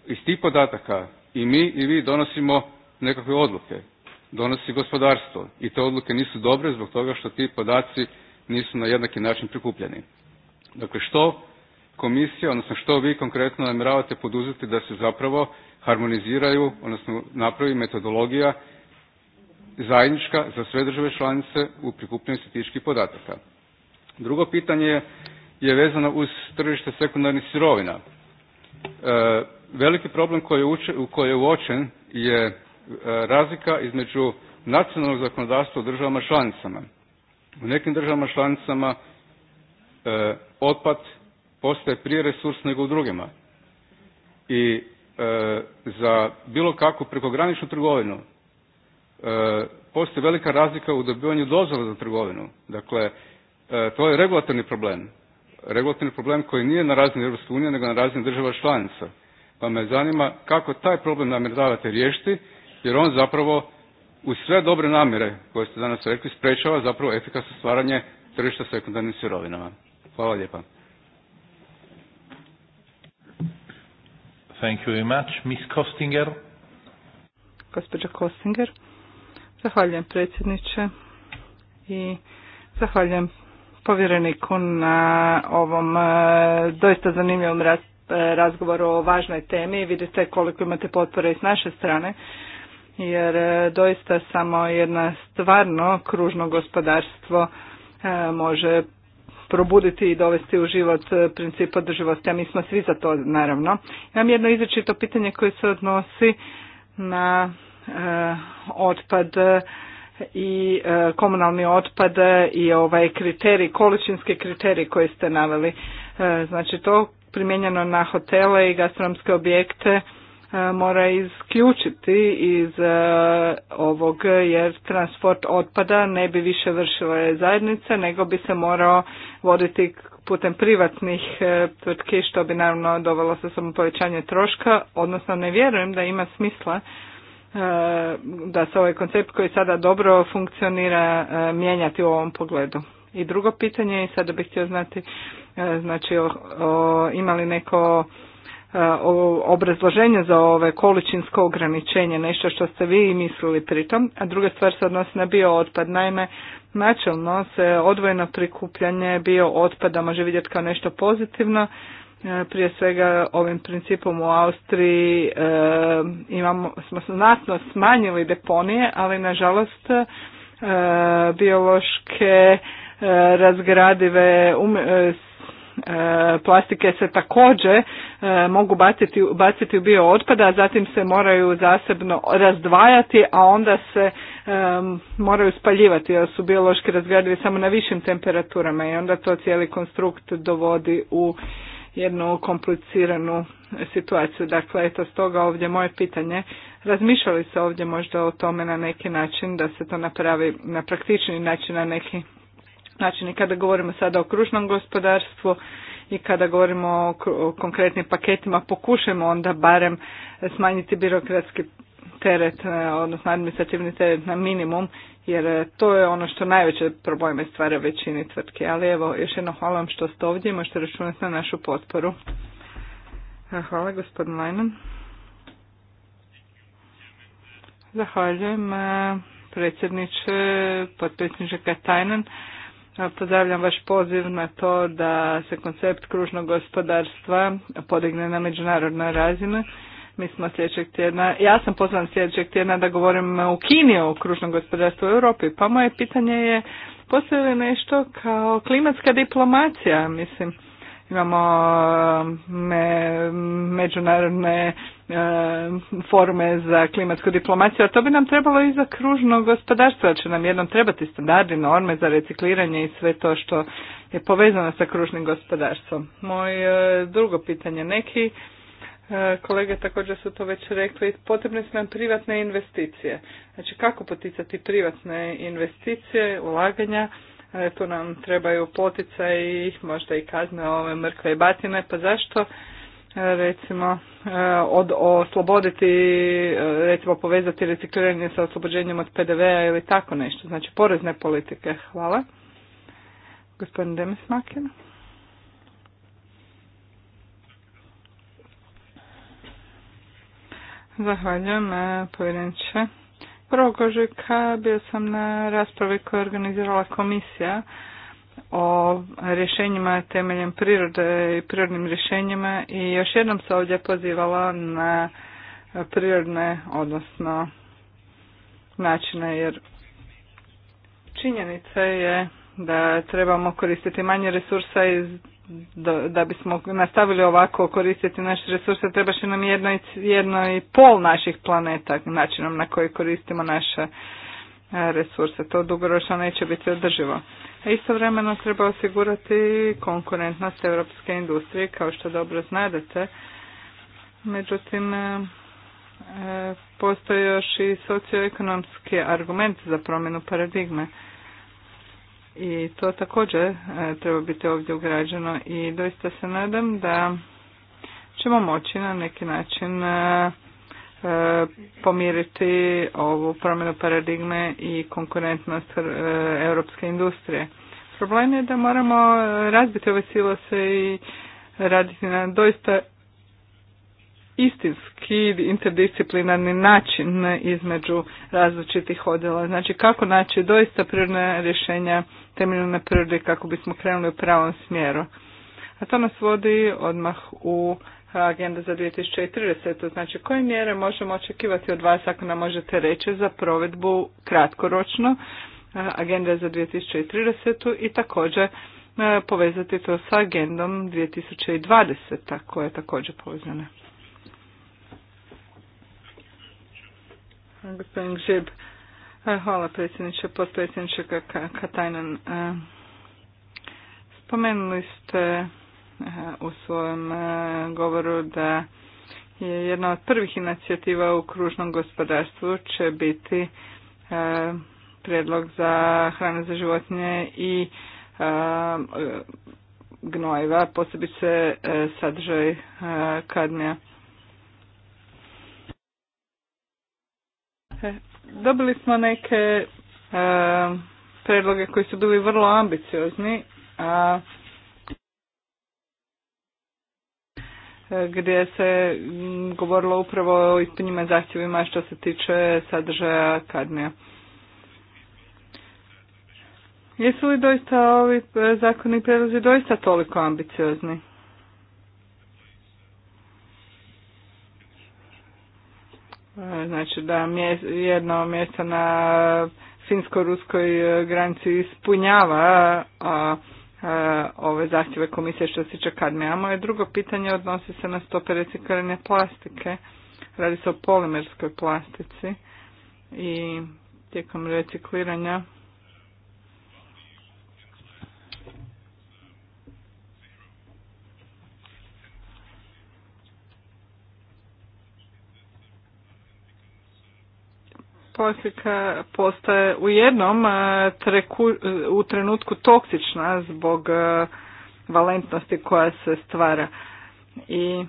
Iz tih podataka i mi i vi donosimo nekakve odluke, donosi gospodarstvo i te odluke nisu dobre zbog toga što ti podaci nisu na jednaki način prikupljeni. Dakle, što komisija, odnosno što vi konkretno namjeravate poduzeti da se zapravo harmoniziraju, odnosno napravi metodologija zajednička za sve države članice u prikupljenju statističkih podataka. Drugo pitanje je vezano uz tržište sekundarnih sirovina. E, veliki problem koji je uočen je e, razlika između nacionalnog zakonodavstva u državama članicama. U nekim državama članicama e, otpad postaje prije resurs nego u drugima. I e, za bilo kakvu prekograničnu trgovinu e, postoji velika razlika u dobivanju dozvola za trgovinu. Dakle, e, to je regulatorni problem. Regulatorni problem koji nije na razini Europske unije, nego na razini država članica pa me zanima kako taj problem namjeravate riješiti jer on zapravo uz sve dobre namjere koje ste danas rekli sprečava zapravo efikasno stvaranje tržišta sekundarnim sirovinama. Hvala lijepa. Thank you very much. Miss Kostinger. Kostinger. Zahvaljujem predsjedniče i zahvaljujem povjereniku na ovom e, doista zanimljivom E, razgovor o važnoj temi. Vidite koliko imate potpore i s naše strane jer e, doista samo jedna stvarno kružno gospodarstvo e, može probuditi i dovesti u život princip održivosti, a mi smo svi za to naravno. Imam jedno izrečito pitanje koje se odnosi na otpad i komunalni otpad i ovaj kriterij, količinski kriterij koji ste naveli. znači to primijenjeno na hotele i gastronomske objekte e, mora isključiti iz e, ovog jer transport otpada ne bi više vršila zajednica nego bi se morao voditi putem privatnih e, tvrtki što bi naravno dovelo sa samo povećanje troška, odnosno ne vjerujem da ima smisla da se ovaj koncept koji sada dobro funkcionira mijenjati u ovom pogledu. I drugo pitanje i sada bih htio znati E, znači imali neko e, obrazloženje za ove količinsko ograničenje, nešto što ste vi mislili pritom, a druga stvar se odnosi na otpad. Naime, načelno se odvojeno prikupljanje bio otpada može vidjeti kao nešto pozitivno, e, prije svega ovim principom u Austriji imamo, smo znatno smanjili deponije, ali nažalost biološke razgradive um, E, plastike se također e, mogu baciti, baciti u bio a zatim se moraju zasebno razdvajati, a onda se e, moraju spaljivati jer su biološki razgradivi samo na višim temperaturama i onda to cijeli konstrukt dovodi u jednu kompliciranu situaciju. Dakle, eto stoga ovdje moje pitanje. Razmišljali se ovdje možda o tome na neki način da se to napravi na praktični način, na neki Znači, kada govorimo sada o kružnom gospodarstvu i kada govorimo o, konkretnim paketima, pokušajmo onda barem smanjiti birokratski teret, e, odnosno administrativni teret na minimum, jer e, to je ono što najveće probleme stvara većini tvrtke. Ali evo, još jedno hvala vam što ste ovdje i možete računati na našu potporu. E, hvala gospodin Lajnan. Zahvaljujem predsjedniče, potpredsjedniče Katajnan. Pozdravljam vaš poziv na to da se koncept kružnog gospodarstva podigne na međunarodnoj razini. Mi smo sljedećeg tjedna, ja sam pozvan sljedećeg tjedna da govorim u Kini o kružnom gospodarstvu u Europi, pa moje pitanje je postoje li nešto kao klimatska diplomacija, mislim, imamo me, međunarodne e, forme za klimatsku diplomaciju, a to bi nam trebalo i za kružno gospodarstvo, Da će nam jednom trebati standardi, norme za recikliranje i sve to što je povezano sa kružnim gospodarstvom. Moje e, drugo pitanje, neki e, kolege također su to već rekli, potrebne su nam privatne investicije. Znači kako poticati privatne investicije, ulaganja, E, tu nam trebaju potica i možda i kazne ove mrkve i batine, pa zašto e, recimo e, od, osloboditi, recimo povezati recikliranje sa oslobođenjem od PDV-a ili tako nešto, znači porezne politike. Hvala. Gospodin Demis Makin. Zahvaljujem, povjerenče. 1. kožika bio sam na raspravi koju je organizirala komisija o rješenjima temeljem prirode i prirodnim rješenjima i još jednom se ovdje pozivala na prirodne, odnosno načine, jer činjenica je da trebamo koristiti manje resursa iz da, da bismo nastavili ovako koristiti naše resurse trebaš nam jedno i, jedno i pol naših planeta načinom na koji koristimo naše e, resurse. To dugoročno neće biti održivo. A istovremeno treba osigurati konkurentnost europske industrije, kao što dobro znadete. Međutim, e, e, postoji još i socioekonomski argument za promjenu paradigme i to također e, treba biti ovdje ugrađeno i doista se nadam da ćemo moći na neki način e, e, pomiriti ovu promjenu paradigme i konkurentnost europske industrije. Problem je da moramo razbiti ove silose i raditi na doista istinski interdisciplinarni način između različitih odjela. Znači kako naći doista prirodne rješenja na prirodi kako bismo krenuli u pravom smjeru. A to nas vodi odmah u agenda za 2030. Znači koje mjere možemo očekivati od vas ako nam možete reći za provedbu kratkoročno agenda za 2030. i također povezati to sa agendom 2020. koja je također povezana. Gospodin Žib, E, hvala predsjedniče, potpredsjedniče Katajnan. E, spomenuli ste e, u svojem govoru da je jedna od prvih inicijativa u kružnom gospodarstvu će biti predlog za hranu za životinje i gnojiva, posebice sadržaj kadmija dobili smo neke e, predloge koji su bili vrlo ambiciozni, a e, gdje se govorilo upravo o ispunjima zahtjevima što se tiče sadržaja kadnija. Jesu li doista ovi e, zakoni predlozi doista toliko ambiciozni? E, znači da jedno mjesto na finsko-ruskoj e, granici ispunjava a, e, ove zahtjeve komisije što se tiče nemamo. Moje drugo pitanje odnosi se na stope recikliranje plastike. Radi se o polimerskoj plastici i tijekom recikliranja Posljedka postaje u jednom e, treku, e, u trenutku toksična zbog e, valentnosti koja se stvara. I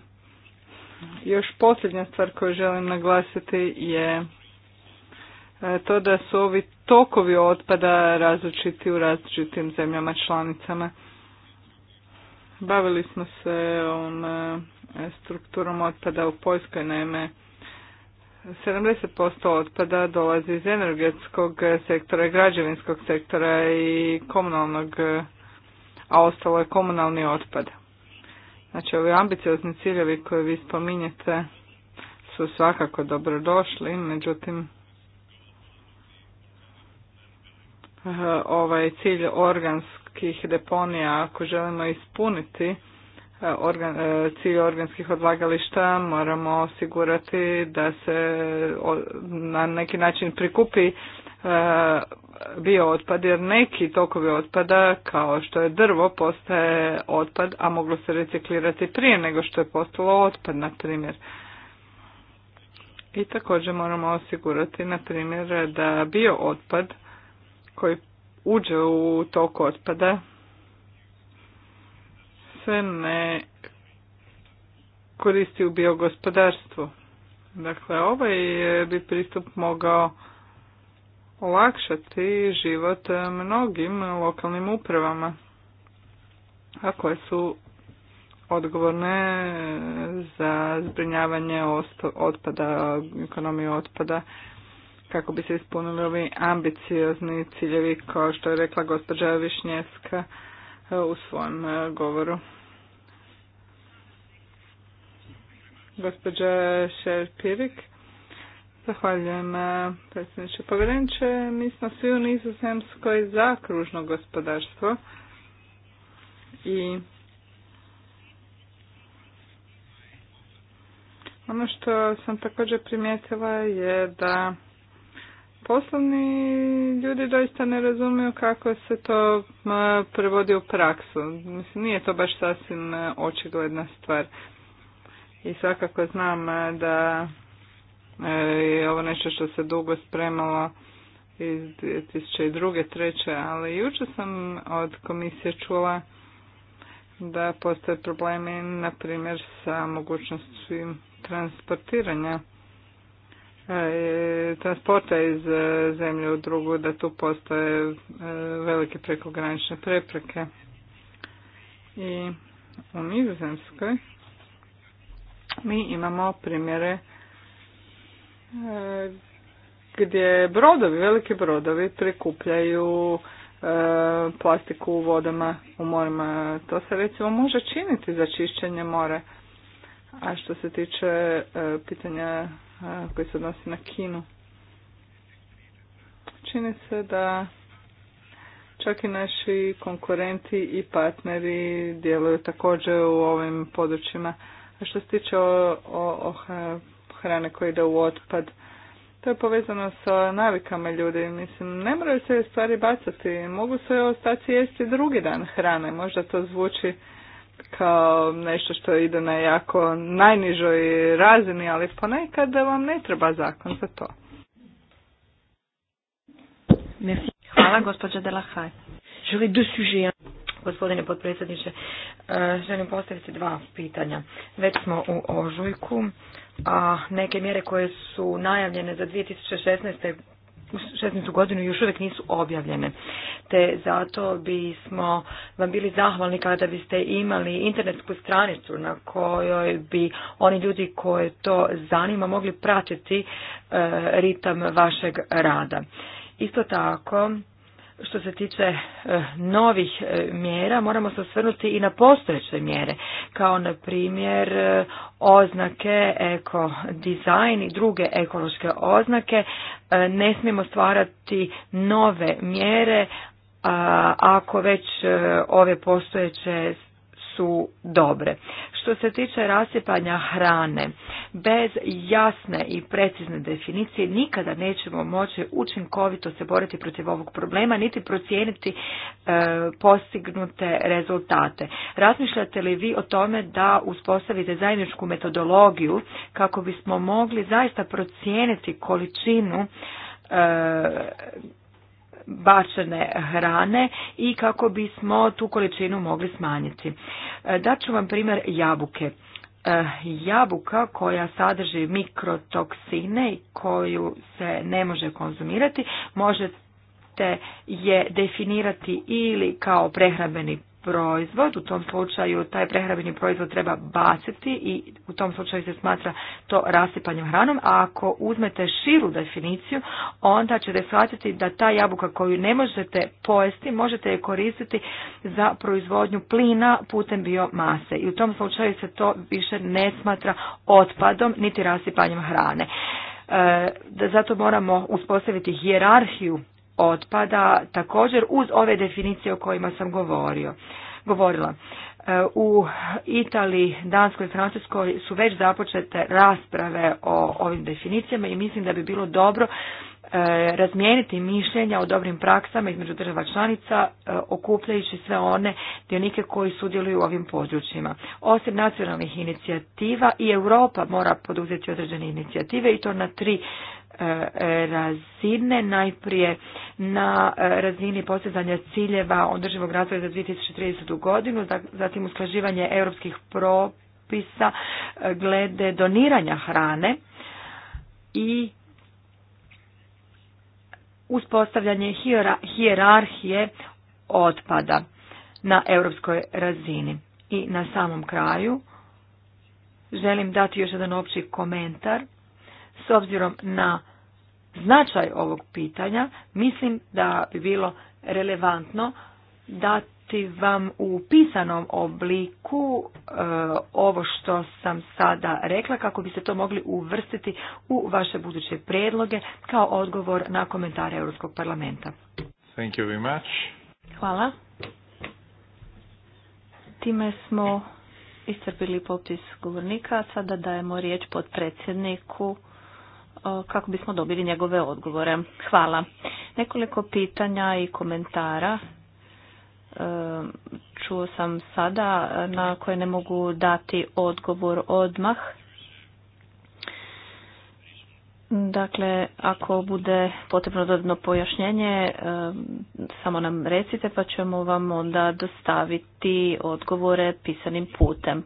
još posljednja stvar koju želim naglasiti je to da su ovi tokovi otpada različiti u različitim zemljama članicama. Bavili smo se ovom strukturom otpada u Poljskoj, naime 70% otpada dolazi iz energetskog sektora, građevinskog sektora i komunalnog, a ostalo je komunalni otpad. Znači, ovi ambiciozni ciljevi koje vi spominjete su svakako dobrodošli, međutim, eh, ovaj cilj organskih deponija, ako želimo ispuniti, organ, e, cilj organskih odlagališta moramo osigurati da se na neki način prikupi e, bio otpad jer neki tokovi otpada kao što je drvo postaje otpad a moglo se reciklirati prije nego što je postalo otpad na primjer i također moramo osigurati na primjer da bio otpad koji uđe u tok otpada se ne koristi u biogospodarstvu. Dakle, ovaj bi pristup mogao olakšati život mnogim lokalnim upravama, a koje su odgovorne za zbrinjavanje otpada, ekonomiju otpada, kako bi se ispunili ovi ambiciozni ciljevi, kao što je rekla gospođa Višnjevska, E, u svom e, govoru. Gospođa Šerpirik, zahvaljujem e, predsjedniče povjerenče. Mi smo svi u Nizozemskoj za kružno gospodarstvo i ono što sam također primijetila je da poslovni ljudi doista ne razumiju kako se to prevodi u praksu. Mislim, nije to baš sasvim očigledna stvar. I svakako znam da je ovo nešto što se dugo spremalo iz 2002. treće, ali jučer sam od komisije čula da postoje problemi, na primjer, sa mogućnosti transportiranja transporta iz e, zemlje u drugu, da tu postoje e, velike prekogranične prepreke. I u Nizozemskoj mi imamo primjere e, gdje brodovi, veliki brodovi prikupljaju plastiku u vodama, u morima. To se recimo može činiti za čišćenje more. A što se tiče pitanja koji se odnosi na Kinu. Čini se da čak i naši konkurenti i partneri djeluju također u ovim područjima. A što se tiče o, o, hrane koja ide u otpad, to je povezano sa navikama ljudi. Mislim, ne moraju se stvari bacati, mogu se ostati jesti drugi dan hrane. Možda to zvuči kao nešto što ide na jako najnižoj razini, ali ponekad vam ne treba zakon za to. Hvala, gospođa Delahaj. Gospodine potpredsjedniče, e, želim postaviti dva pitanja. Već smo u ožujku, a neke mjere koje su najavljene za 2016. 16. godinu još uvijek nisu objavljene zato bismo vam bili zahvalni kada biste imali internetsku stranicu na kojoj bi oni ljudi koje to zanima mogli pratiti e, ritam vašeg rada. Isto tako, što se tiče e, novih e, mjera, moramo se osvrnuti i na postojeće mjere, kao na primjer oznake eko dizajn i druge ekološke oznake. Ne smijemo stvarati nove mjere, ako već e, ove postojeće su dobre. Što se tiče rasipanja hrane, bez jasne i precizne definicije nikada nećemo moći učinkovito se boriti protiv ovog problema, niti procijeniti e, postignute rezultate. Razmišljate li vi o tome da uspostavite zajedničku metodologiju kako bismo mogli zaista procijeniti količinu e, bačene hrane i kako bismo tu količinu mogli smanjiti. E, Daću vam primjer jabuke. E, jabuka koja sadrži mikrotoksine i koju se ne može konzumirati, možete je definirati ili kao prehrambeni proizvod, u tom slučaju taj prehrambeni proizvod treba baciti i u tom slučaju se smatra to rasipanjem hranom, a ako uzmete širu definiciju, onda ćete shvatiti da ta jabuka koju ne možete pojesti, možete je koristiti za proizvodnju plina putem biomase i u tom slučaju se to više ne smatra otpadom niti rasipanjem hrane. E, da zato moramo uspostaviti hijerarhiju otpada također uz ove definicije o kojima sam govorio, govorila. E, u Italiji, Danskoj i Francuskoj su već započete rasprave o ovim definicijama i mislim da bi bilo dobro e, razmijeniti mišljenja o dobrim praksama između država članica, e, okupljajući sve one dionike koji sudjeluju u ovim područjima. Osim nacionalnih inicijativa i Europa mora poduzeti određene inicijative i to na tri E, razine, najprije na e, razini postizanja ciljeva održivog razvoja za 2030. godinu, zatim usklaživanje europskih propisa e, glede doniranja hrane i uspostavljanje hijerarhije otpada na europskoj razini. I na samom kraju želim dati još jedan opći komentar s obzirom na značaj ovog pitanja, mislim da bi bilo relevantno dati vam u pisanom obliku e, ovo što sam sada rekla kako biste to mogli uvrstiti u vaše buduće predloge kao odgovor na komentare Europskog parlamenta. Thank you very much. Hvala. Time smo iscrpili popis govornika, sada dajemo riječ pod predsjedniku kako bismo dobili njegove odgovore. Hvala. Nekoliko pitanja i komentara e, čuo sam sada na koje ne mogu dati odgovor odmah. Dakle, ako bude potrebno dodatno pojašnjenje, e, samo nam recite pa ćemo vam onda dostaviti odgovore pisanim putem.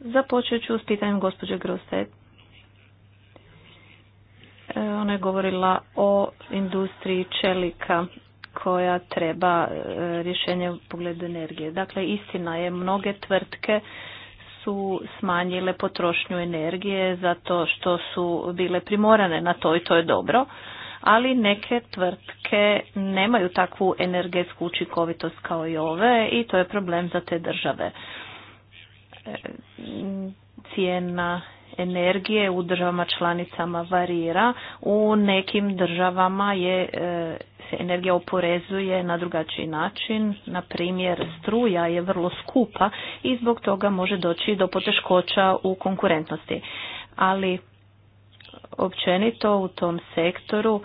Započet ću s pitanjem gospođe Groset E, ona je govorila o industriji čelika koja treba e, rješenje u pogledu energije. Dakle, istina je, mnoge tvrtke su smanjile potrošnju energije zato što su bile primorane na to i to je dobro, ali neke tvrtke nemaju takvu energetsku učinkovitost kao i ove i to je problem za te države. E, cijena energije u državama članicama varira. U nekim državama je e, se energija oporezuje na drugačiji način. Na primjer, struja je vrlo skupa i zbog toga može doći do poteškoća u konkurentnosti. Ali općenito u tom sektoru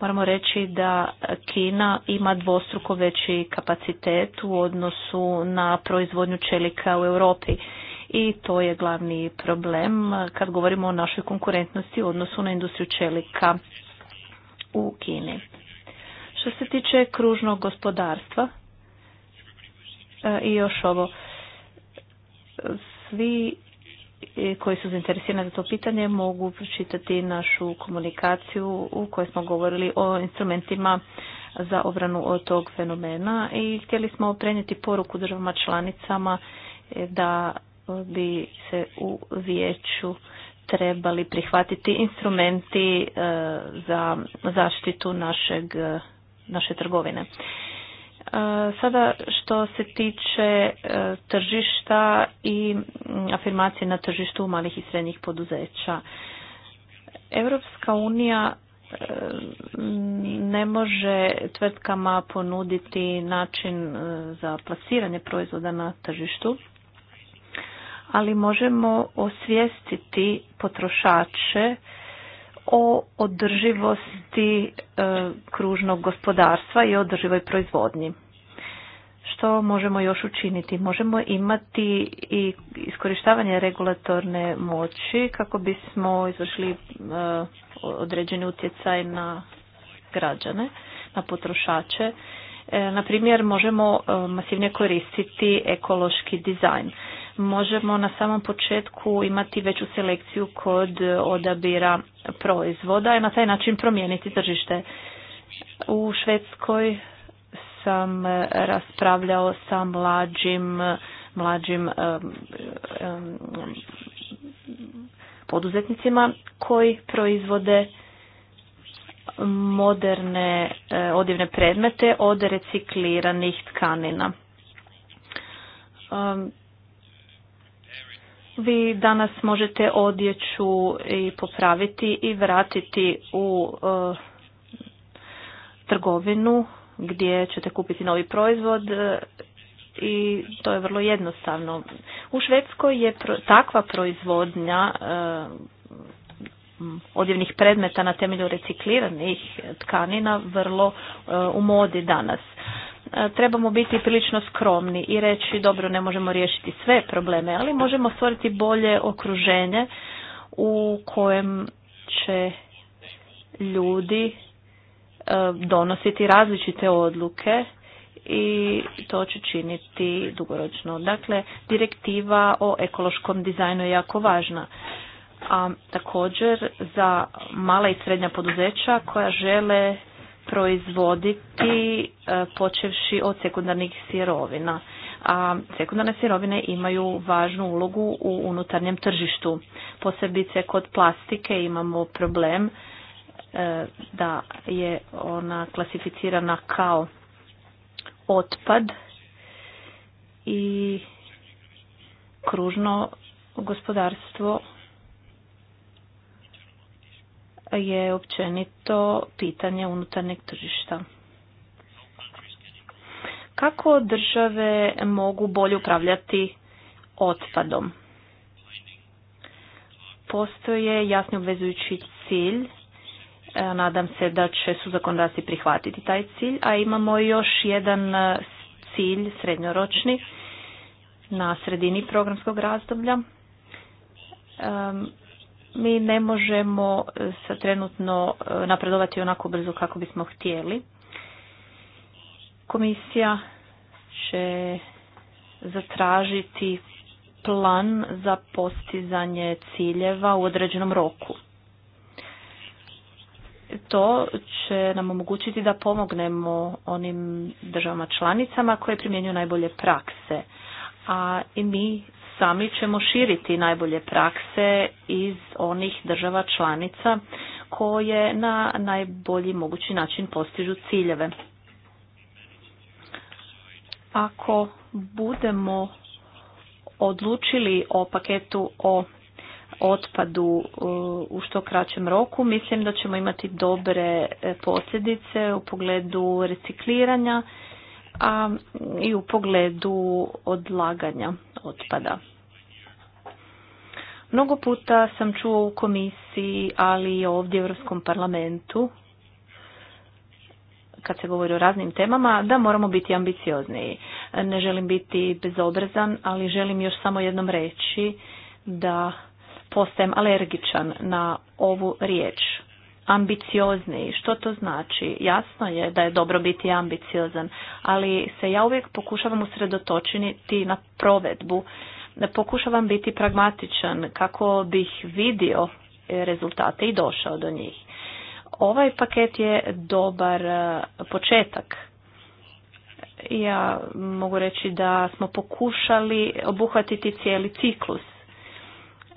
moramo reći da Kina ima dvostruko veći kapacitet u odnosu na proizvodnju čelika u Europi i to je glavni problem kad govorimo o našoj konkurentnosti u odnosu na industriju čelika u Kini. Što se tiče kružnog gospodarstva e, i još ovo, svi e, koji su zainteresirani za to pitanje mogu pročitati našu komunikaciju u kojoj smo govorili o instrumentima za obranu od tog fenomena i htjeli smo prenijeti poruku državama članicama e, da bi se u vijeću trebali prihvatiti instrumenti e, za zaštitu našeg, e, naše trgovine. E, sada što se tiče tržišta i afirmacije na tržištu malih i srednjih poduzeća. Europska unija ne može tvrtkama ponuditi način za plasiranje proizvoda na tržištu ali možemo osvijestiti potrošače o održivosti e, kružnog gospodarstva i održivoj proizvodnji. Što možemo još učiniti? Možemo imati i iskorištavanje regulatorne moći kako bismo izvršili e, određeni utjecaj na građane, na potrošače. E, na primjer, možemo masivnije koristiti ekološki dizajn možemo na samom početku imati veću selekciju kod odabira proizvoda i na taj način promijeniti tržište. U Švedskoj sam e, raspravljao sa mlađim mlađim e, e, poduzetnicima koji proizvode moderne odjevne predmete od recikliranih tkanina vi danas možete odjeću i popraviti i vratiti u e, trgovinu gdje ćete kupiti novi proizvod e, i to je vrlo jednostavno. U Švedskoj je takva proizvodnja e, odjevnih predmeta na temelju recikliranih tkanina vrlo u modi danas. E, trebamo biti prilično skromni i reći dobro ne možemo riješiti sve probleme, ali možemo stvoriti bolje okruženje u kojem će ljudi e, donositi različite odluke i to će činiti dugoročno. Dakle, direktiva o ekološkom dizajnu je jako važna. A također za mala i srednja poduzeća koja žele proizvoditi e, počevši od sekundarnih sirovina. A sekundarne sirovine imaju važnu ulogu u unutarnjem tržištu. Posebice kod plastike imamo problem e, da je ona klasificirana kao otpad i kružno gospodarstvo je općenito pitanje unutarnjeg tržišta. Kako države mogu bolje upravljati otpadom? Postoje jasni obvezujući cilj e, nadam se da će su zakonodavci prihvatiti taj cilj, a imamo još jedan e, cilj srednjoročni na sredini programskog razdoblja mi ne možemo e, sa trenutno e, napredovati onako brzo kako bismo htjeli. Komisija će zatražiti plan za postizanje ciljeva u određenom roku. To će nam omogućiti da pomognemo onim državama članicama koje primjenjuju najbolje prakse, a i mi sami ćemo širiti najbolje prakse iz onih država članica koje na najbolji mogući način postižu ciljeve. Ako budemo odlučili o paketu o otpadu e, u što kraćem roku, mislim da ćemo imati dobre e, posljedice u pogledu recikliranja a i u pogledu odlaganja otpada. Mnogo puta sam čuo u komisiji, ali i ovdje u Europskom parlamentu, kad se govori o raznim temama, da moramo biti ambiciozniji. Ne želim biti bezobrazan, ali želim još samo jednom reći da postajem alergičan na ovu riječ ambiciozniji. Što to znači? Jasno je da je dobro biti ambiciozan, ali se ja uvijek pokušavam usredotočiti na provedbu. Pokušavam biti pragmatičan kako bih vidio rezultate i došao do njih. Ovaj paket je dobar e, početak. Ja mogu reći da smo pokušali obuhvatiti cijeli ciklus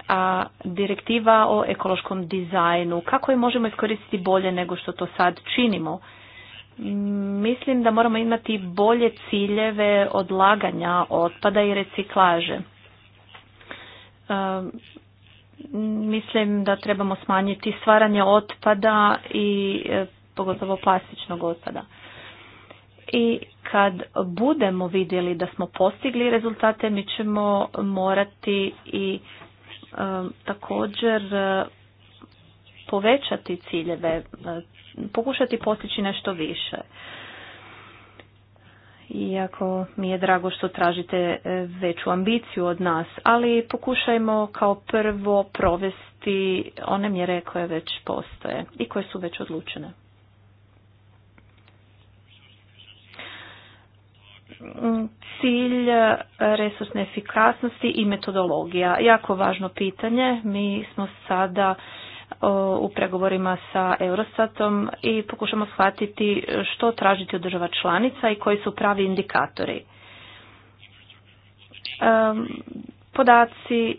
a direktiva o ekološkom dizajnu, kako je možemo iskoristiti bolje nego što to sad činimo? Mislim da moramo imati bolje ciljeve odlaganja otpada i reciklaže. Mislim da trebamo smanjiti stvaranje otpada i e, pogotovo plastičnog otpada. I kad budemo vidjeli da smo postigli rezultate, mi ćemo morati i Um, također uh, povećati ciljeve, uh, pokušati postići nešto više. Iako mi je drago što tražite uh, veću ambiciju od nas, ali pokušajmo kao prvo provesti one mjere koje već postoje i koje su već odlučene. cilj e, resursne efikasnosti i metodologija. Jako važno pitanje. Mi smo sada u pregovorima sa Eurostatom i pokušamo shvatiti što tražiti od država članica i koji su pravi indikatori. Podaci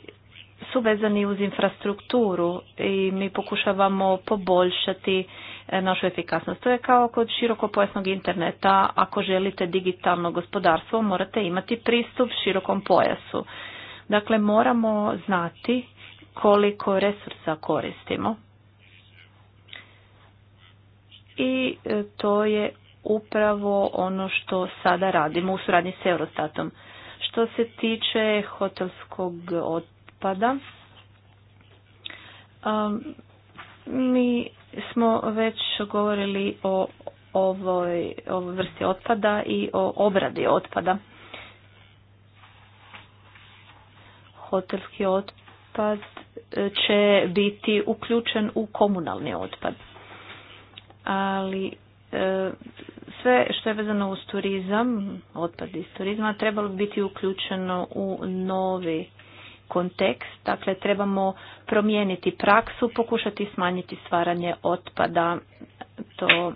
su vezani uz infrastrukturu i mi pokušavamo poboljšati e, našu efikasnost. To je kao kod širokopojasnog interneta. Ako želite digitalno gospodarstvo, morate imati pristup širokom pojasu. Dakle, moramo znati koliko resursa koristimo. I e, to je upravo ono što sada radimo u suradnji s Eurostatom. Što se tiče hotelskog otpada. Um, mi smo već govorili o ovoj, ovoj vrsti otpada i o obradi otpada. Hotelski otpad će biti uključen u komunalni otpad. Ali e, sve što je vezano uz turizam, otpad iz turizma, trebalo biti uključeno u novi kontekst, dakle trebamo promijeniti praksu, pokušati smanjiti stvaranje otpada. To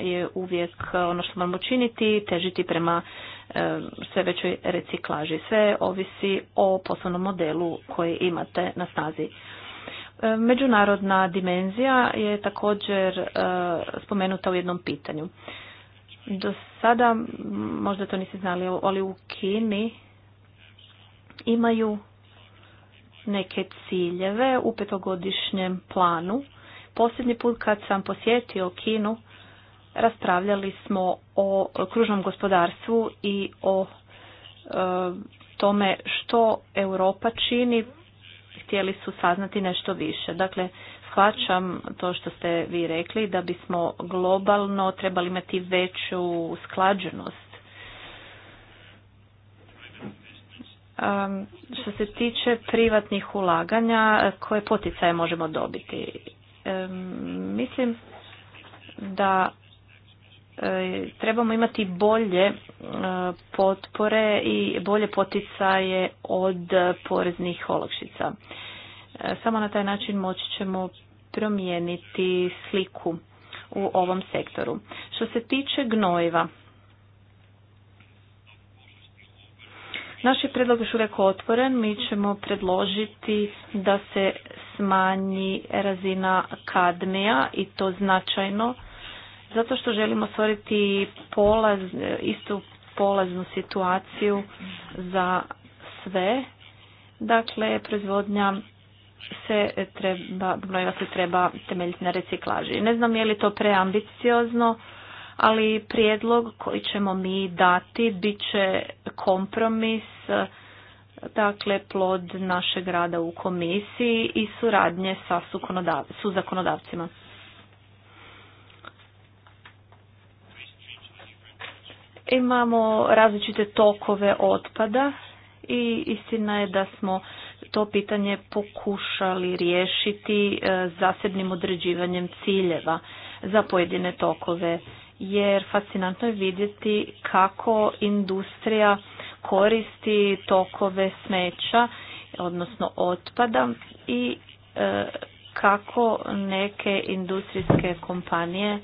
je uvijek ono što moramo činiti, težiti prema e, sve većoj reciklaži. Sve ovisi o poslovnom modelu koji imate na snazi. E, međunarodna dimenzija je također e, spomenuta u jednom pitanju. Do sada, možda to niste znali, ali u Kini imaju neke ciljeve u petogodišnjem planu. Posljednji put kad sam posjetio Kinu, raspravljali smo o kružnom gospodarstvu i o e, tome što Europa čini. Htjeli su saznati nešto više. Dakle, shvaćam to što ste vi rekli da bismo globalno trebali imati veću sklađenost. Što se tiče privatnih ulaganja, koje poticaje možemo dobiti? Mislim da e, trebamo imati bolje e, potpore i bolje poticaje od poreznih olakšica. E, samo na taj način moći ćemo promijeniti sliku u ovom sektoru. Što se tiče gnojiva, Naš je predlog još uvijek otvoren. Mi ćemo predložiti da se smanji razina kadmija i to značajno zato što želimo stvoriti polaz, istu polaznu situaciju za sve. Dakle, proizvodnja se treba, se treba temeljiti na reciklaži. Ne znam je li to preambiciozno, ali prijedlog koji ćemo mi dati bit će kompromis dakle plod našeg rada u komisiji i suradnje sa su zakonodavcima. Imamo različite tokove otpada i istina je da smo to pitanje pokušali riješiti e, zasebnim određivanjem ciljeva za pojedine tokove jer fascinantno je vidjeti kako industrija koristi tokove smeća, odnosno otpada i e, kako neke industrijske kompanije e,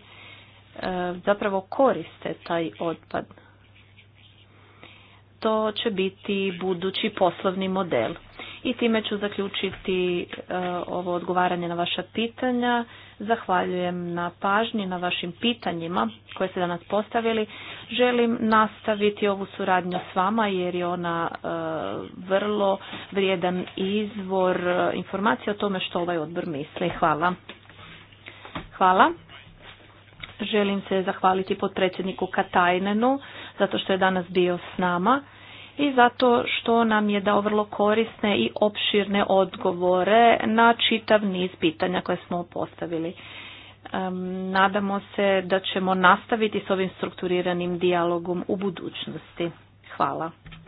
zapravo koriste taj otpad. To će biti budući poslovni model. I time ću zaključiti e, ovo odgovaranje na vaša pitanja. Zahvaljujem na pažnji, na vašim pitanjima koje ste danas postavili. Želim nastaviti ovu suradnju s vama jer je ona e, vrlo vrijedan izvor e, informacija o tome što ovaj odbor misli. Hvala. Hvala. Želim se zahvaliti potpredsjedniku Katajnenu zato što je danas bio s nama i zato što nam je dao vrlo korisne i opširne odgovore na čitav niz pitanja koje smo postavili. Nadamo se da ćemo nastaviti s ovim strukturiranim dijalogom u budućnosti. Hvala.